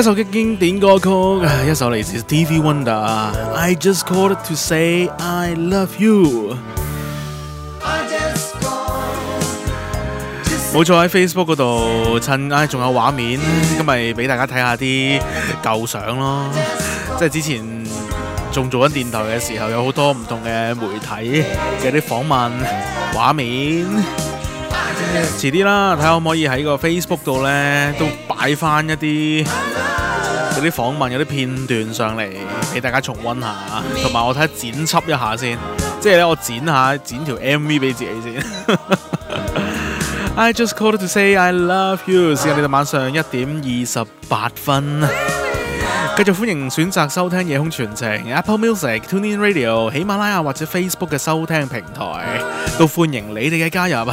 一首經典歌曲，一首嚟自 TV Wonder《I Just Called to Say I Love You》。冇錯，喺 Facebook 嗰度，趁、哎、仲有畫面，今咪俾大家睇下啲舊相咯。即係之前仲做緊電台嘅時候，有好多唔同嘅媒體嘅啲訪問畫面。遲啲啦，睇下可唔可以喺個 Facebook 度呢都擺翻一啲。啲訪問有啲片段上嚟，俾大家重溫下，同埋我睇下剪輯一下先，即係咧，我剪下剪條 MV 俾自己先。 I just called to say I love you。時間係晚上一點二十八分，繼續歡迎選擇收聽夜空傳情 Apple Music、TuneIn Radio、喜馬拉雅或者 Facebook 嘅收聽平台，都歡迎你哋嘅加入。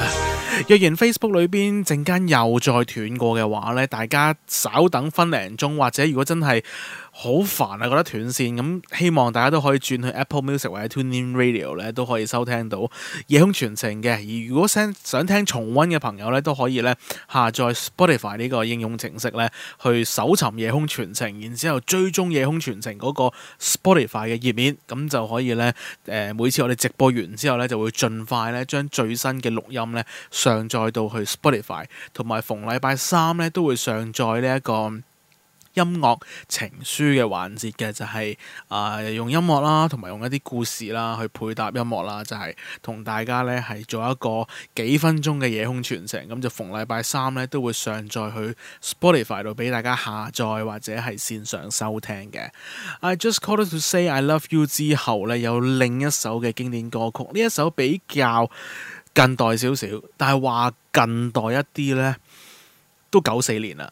若然 Facebook 裏邊陣間又再斷過嘅話呢，大家稍等分零鐘，或者如果真係。好煩啊！覺得斷線，咁希望大家都可以轉去 Apple Music 或者 TuneIn Radio 咧，都可以收聽到《夜空傳情》嘅。而如果想聽重温嘅朋友咧，都可以咧下載 Spotify 呢個應用程式咧，去搜尋《夜空傳情》，然之後追蹤《夜空傳情》嗰個 Spotify 嘅頁面，咁就可以咧、呃、每次我哋直播完之後咧，就會盡快咧將最新嘅錄音咧上載到去 Spotify，同埋逢禮拜三咧都會上載呢一個。音樂情書嘅環節嘅就係、是、啊、呃，用音樂啦，同埋用一啲故事啦，去配搭音樂啦，就係、是、同大家咧係做一個幾分鐘嘅夜空傳情。咁就逢禮拜三咧都會上載去 Spotify 度俾大家下載或者係線上收聽嘅。I just called to say I love you 之後咧，有另一首嘅經典歌曲，呢一首比較近代少少，但係話近代一啲咧都九四年啦。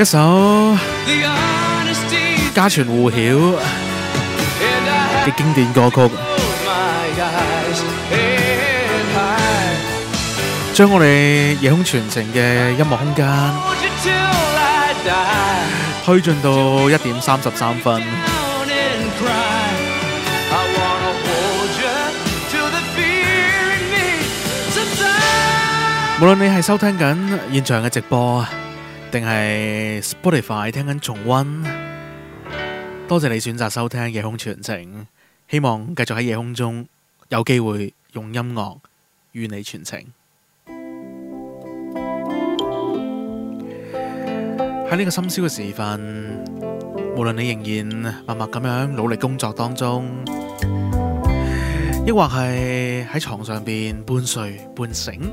一首家傳戶曉嘅經典歌曲，將我哋夜空傳情嘅音樂空間推進到一點三十三分。無論你係收聽緊現場嘅直播。定係 Spotify 聽緊重溫，多謝你選擇收聽夜空傳情，希望繼續喺夜空中有機會用音樂與你傳情。喺呢個深宵嘅時分，無論你仍然默默咁樣努力工作當中，抑或係喺床上邊半睡半醒。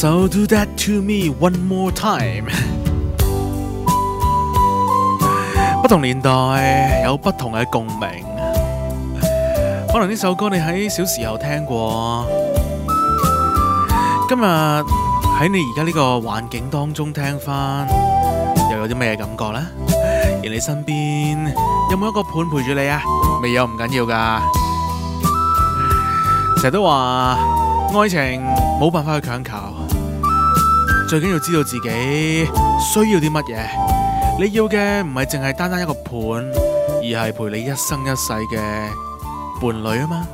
So do that to me one more time。不同年代有不同嘅共鳴，可能呢首歌你喺小時候聽過，今日喺你而家呢個環境當中聽翻，又有啲咩感覺咧？而你身邊有冇一個伴陪住你啊？未有唔緊要噶，成日都話愛情冇辦法去強求。最緊要知道自己需要啲乜嘢，你要嘅唔係淨係單單一個盤，而係陪你一生一世嘅伴侶吖嘛。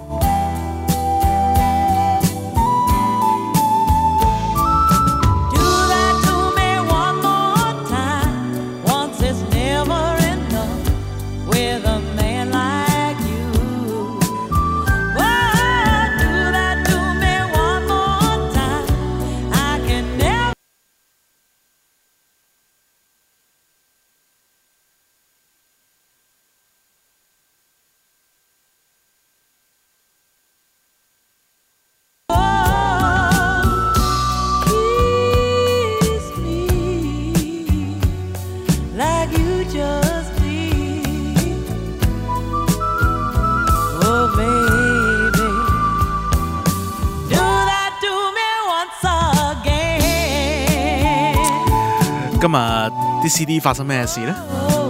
C D 發生咩事呢？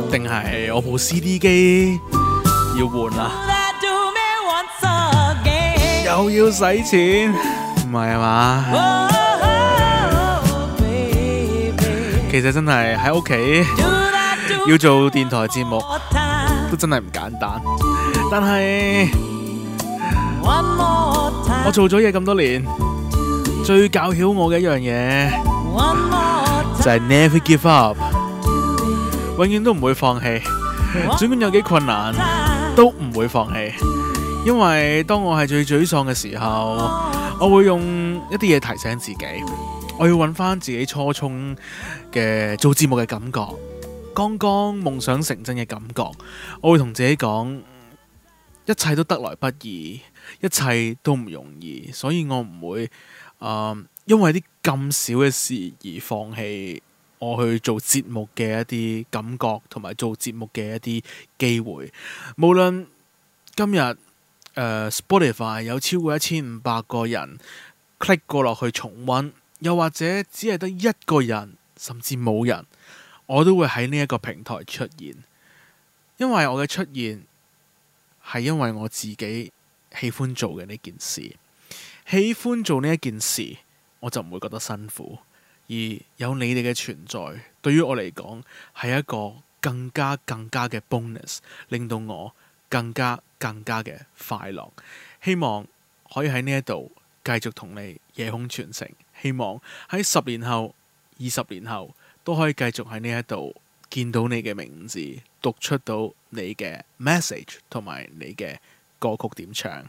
定係我部 C D 機要換啦？又要使錢，唔係啊嘛？Oh, oh, oh, baby, 其實真係喺屋企要做電台節目都真係唔簡單。但係我做咗嘢咁多年，最教曉我嘅一樣嘢就係 Never Give Up。永遠都唔會放棄，不管有幾困難都唔會放棄。因為當我係最沮喪嘅時候，我會用一啲嘢提醒自己，我要揾翻自己初衷嘅做節目嘅感覺，剛剛夢想成真嘅感覺。我會同自己講，一切都得來不易，一切都唔容易，所以我唔會、呃、因為啲咁少嘅事而放棄。我去做節目嘅一啲感覺，同埋做節目嘅一啲機會，無論今日，呃，Spotify 有超過一千五百個人 click 過落去重溫，又或者只係得一個人，甚至冇人，我都會喺呢一個平台出現，因為我嘅出現係因為我自己喜歡做嘅呢件事，喜歡做呢一件事，我就唔會覺得辛苦。而有你哋嘅存在，對於我嚟講係一個更加更加嘅 bonus，令到我更加更加嘅快樂。希望可以喺呢一度繼續同你夜空傳情，希望喺十年後、二十年後都可以繼續喺呢一度見到你嘅名字，讀出到你嘅 message 同埋你嘅歌曲點唱。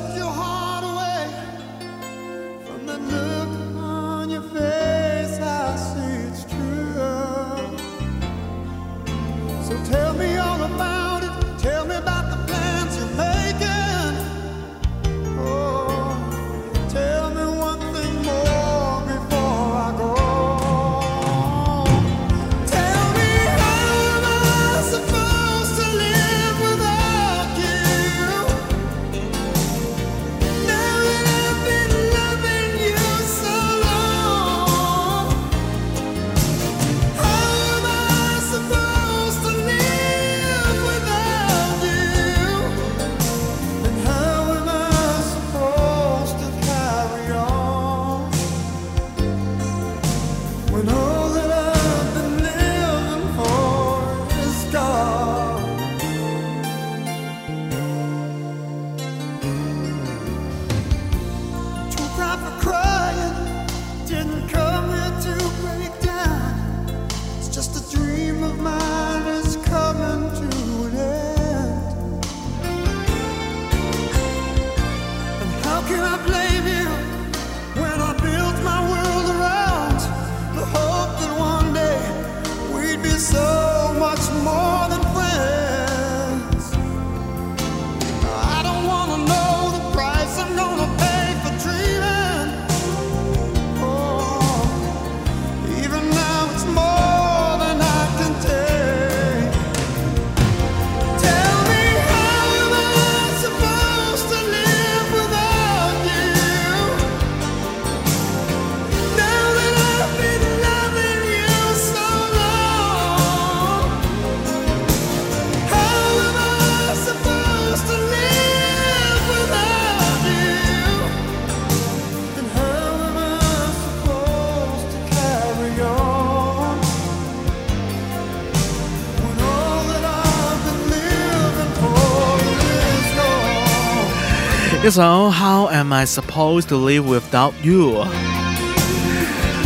首《so、How am I supposed to live without you》？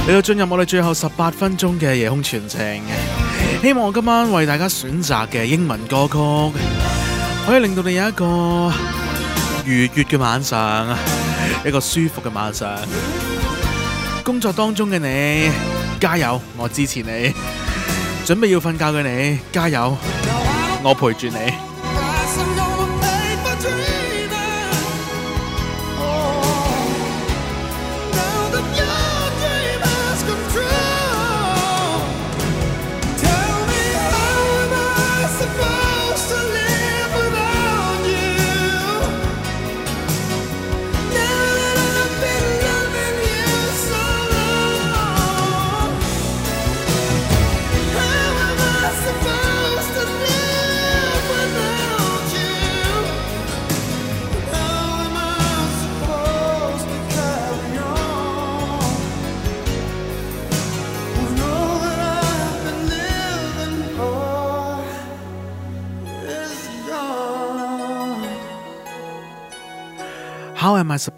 你要進入我哋最後十八分鐘嘅夜空傳情，希望我今晚為大家選擇嘅英文歌曲，可以令到你有一個愉悅嘅晚上，一個舒服嘅晚上。工作當中嘅你，加油！我支持你。準備要瞓覺嘅你，加油！我陪住你。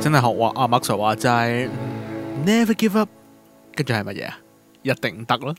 真係學話阿麥 Sir 話齋，Never give up，跟住係乜嘢啊？一定得咯。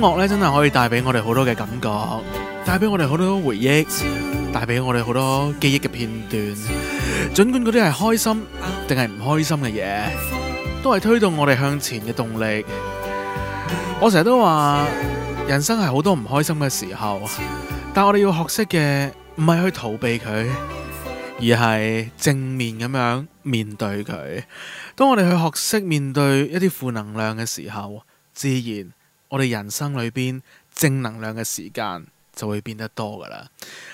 音樂咧真係可以帶俾我哋好多嘅感覺，帶俾我哋好多回憶，帶俾我哋好多記憶嘅片段。盡管嗰啲係開心定係唔開心嘅嘢，都係推動我哋向前嘅動力。我成日都話，人生係好多唔開心嘅時候，但我哋要學識嘅唔係去逃避佢，而係正面咁樣面對佢。當我哋去學識面對一啲負能量嘅時候，自然。我哋人生裏邊正能量嘅時間就會變得多噶啦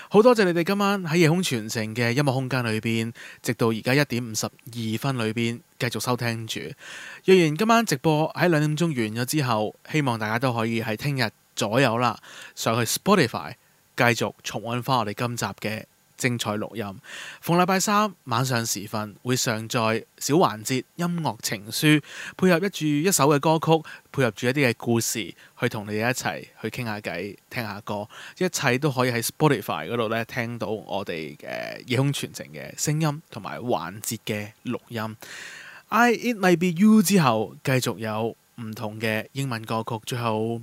好多謝你哋今晚喺夜空傳情嘅音樂空間裏邊，直到而家一點五十二分裏邊繼續收聽住。若然今晚直播喺兩點鐘完咗之後，希望大家都可以喺聽日左右啦，上去 Spotify 繼續重溫返我哋今集嘅。精彩錄音，逢禮拜三晚上時分會上載小環節音樂情書，配合一住一首嘅歌曲，配合住一啲嘅故事，去同你哋一齊去傾下偈，聽下歌，一切都可以喺 Spotify 嗰度咧聽到我哋嘅夜空傳情嘅聲音同埋環節嘅錄音。I It Might Be You 之後，繼續有唔同嘅英文歌曲，最後。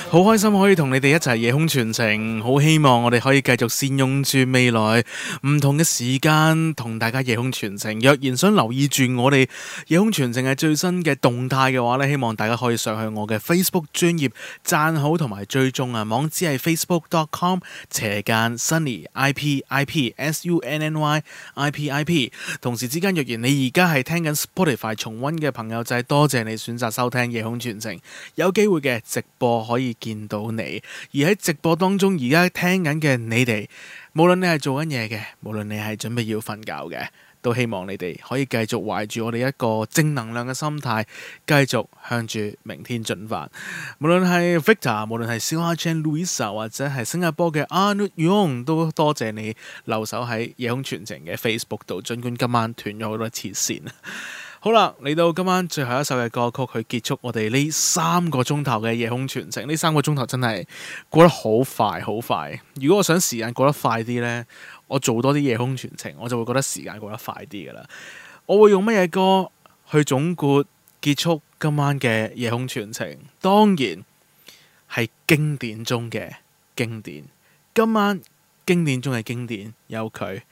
好開心可以同你哋一齊夜空傳情，好希望我哋可以繼續善用住未來唔同嘅時間同大家夜空傳情。若然想留意住我哋夜空傳情係最新嘅動態嘅話呢，希望大家可以上去我嘅 Facebook 專頁讚好同埋追蹤啊，網址係 facebook.com 斜間 sunnyipip sunnyipip。同時之間若然你而家係聽緊 Spotify 重温嘅朋友，就係多謝你選擇收聽夜空傳情。有機會嘅直播可以，見到你，而喺直播當中而家聽緊嘅你哋，無論你係做緊嘢嘅，無論你係準備要瞓覺嘅，都希望你哋可以繼續懷住我哋一個正能量嘅心態，繼續向住明天進發。無論係 Victor，無論係 Sarah Chan、Louisa 或者係新加坡嘅 Arnold Yong，都多謝你留守喺夜空傳情嘅 Facebook 度，儘管今晚斷咗好多次線。好啦，嚟到今晚最後一首嘅歌曲去結束我哋呢三個鐘頭嘅夜空傳情。呢三個鐘頭真係過得好快，好快。如果我想時間過得快啲呢，我做多啲夜空傳情，我就會覺得時間過得快啲㗎喇。我會用乜嘢歌去總括結束今晚嘅夜空傳情？當然係經典中嘅經典。今晚經典中嘅經典有佢。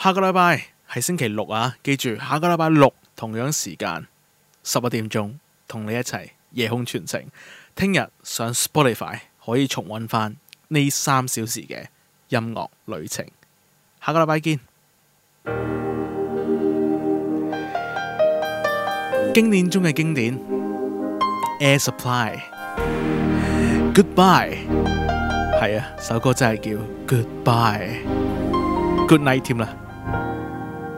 下個禮拜係星期六啊，記住下個禮拜六。同樣時間十一點鐘，同你一齊夜空傳情。聽日上 Spotify 可以重溫返呢三小時嘅音樂旅程。下個禮拜見。經典中嘅經典，Air Supply，Goodbye。係啊，首歌真係叫 Goodbye Good。Goodnight，添啦。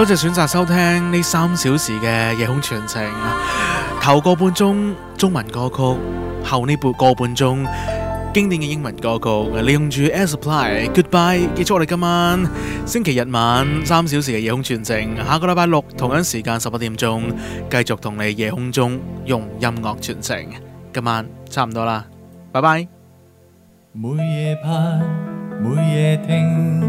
多謝選擇收聽呢三小時嘅夜空傳情，頭個半鐘中文歌曲，後呢半個半鐘經典嘅英文歌曲，利用住 Air Supply Goodbye 結束我哋今晚星期日晚三小時嘅夜空傳情，下個禮拜六同樣時間十一點鐘繼續同你夜空中用音樂傳情，今晚差唔多啦，拜拜。每夜拍，每夜聽。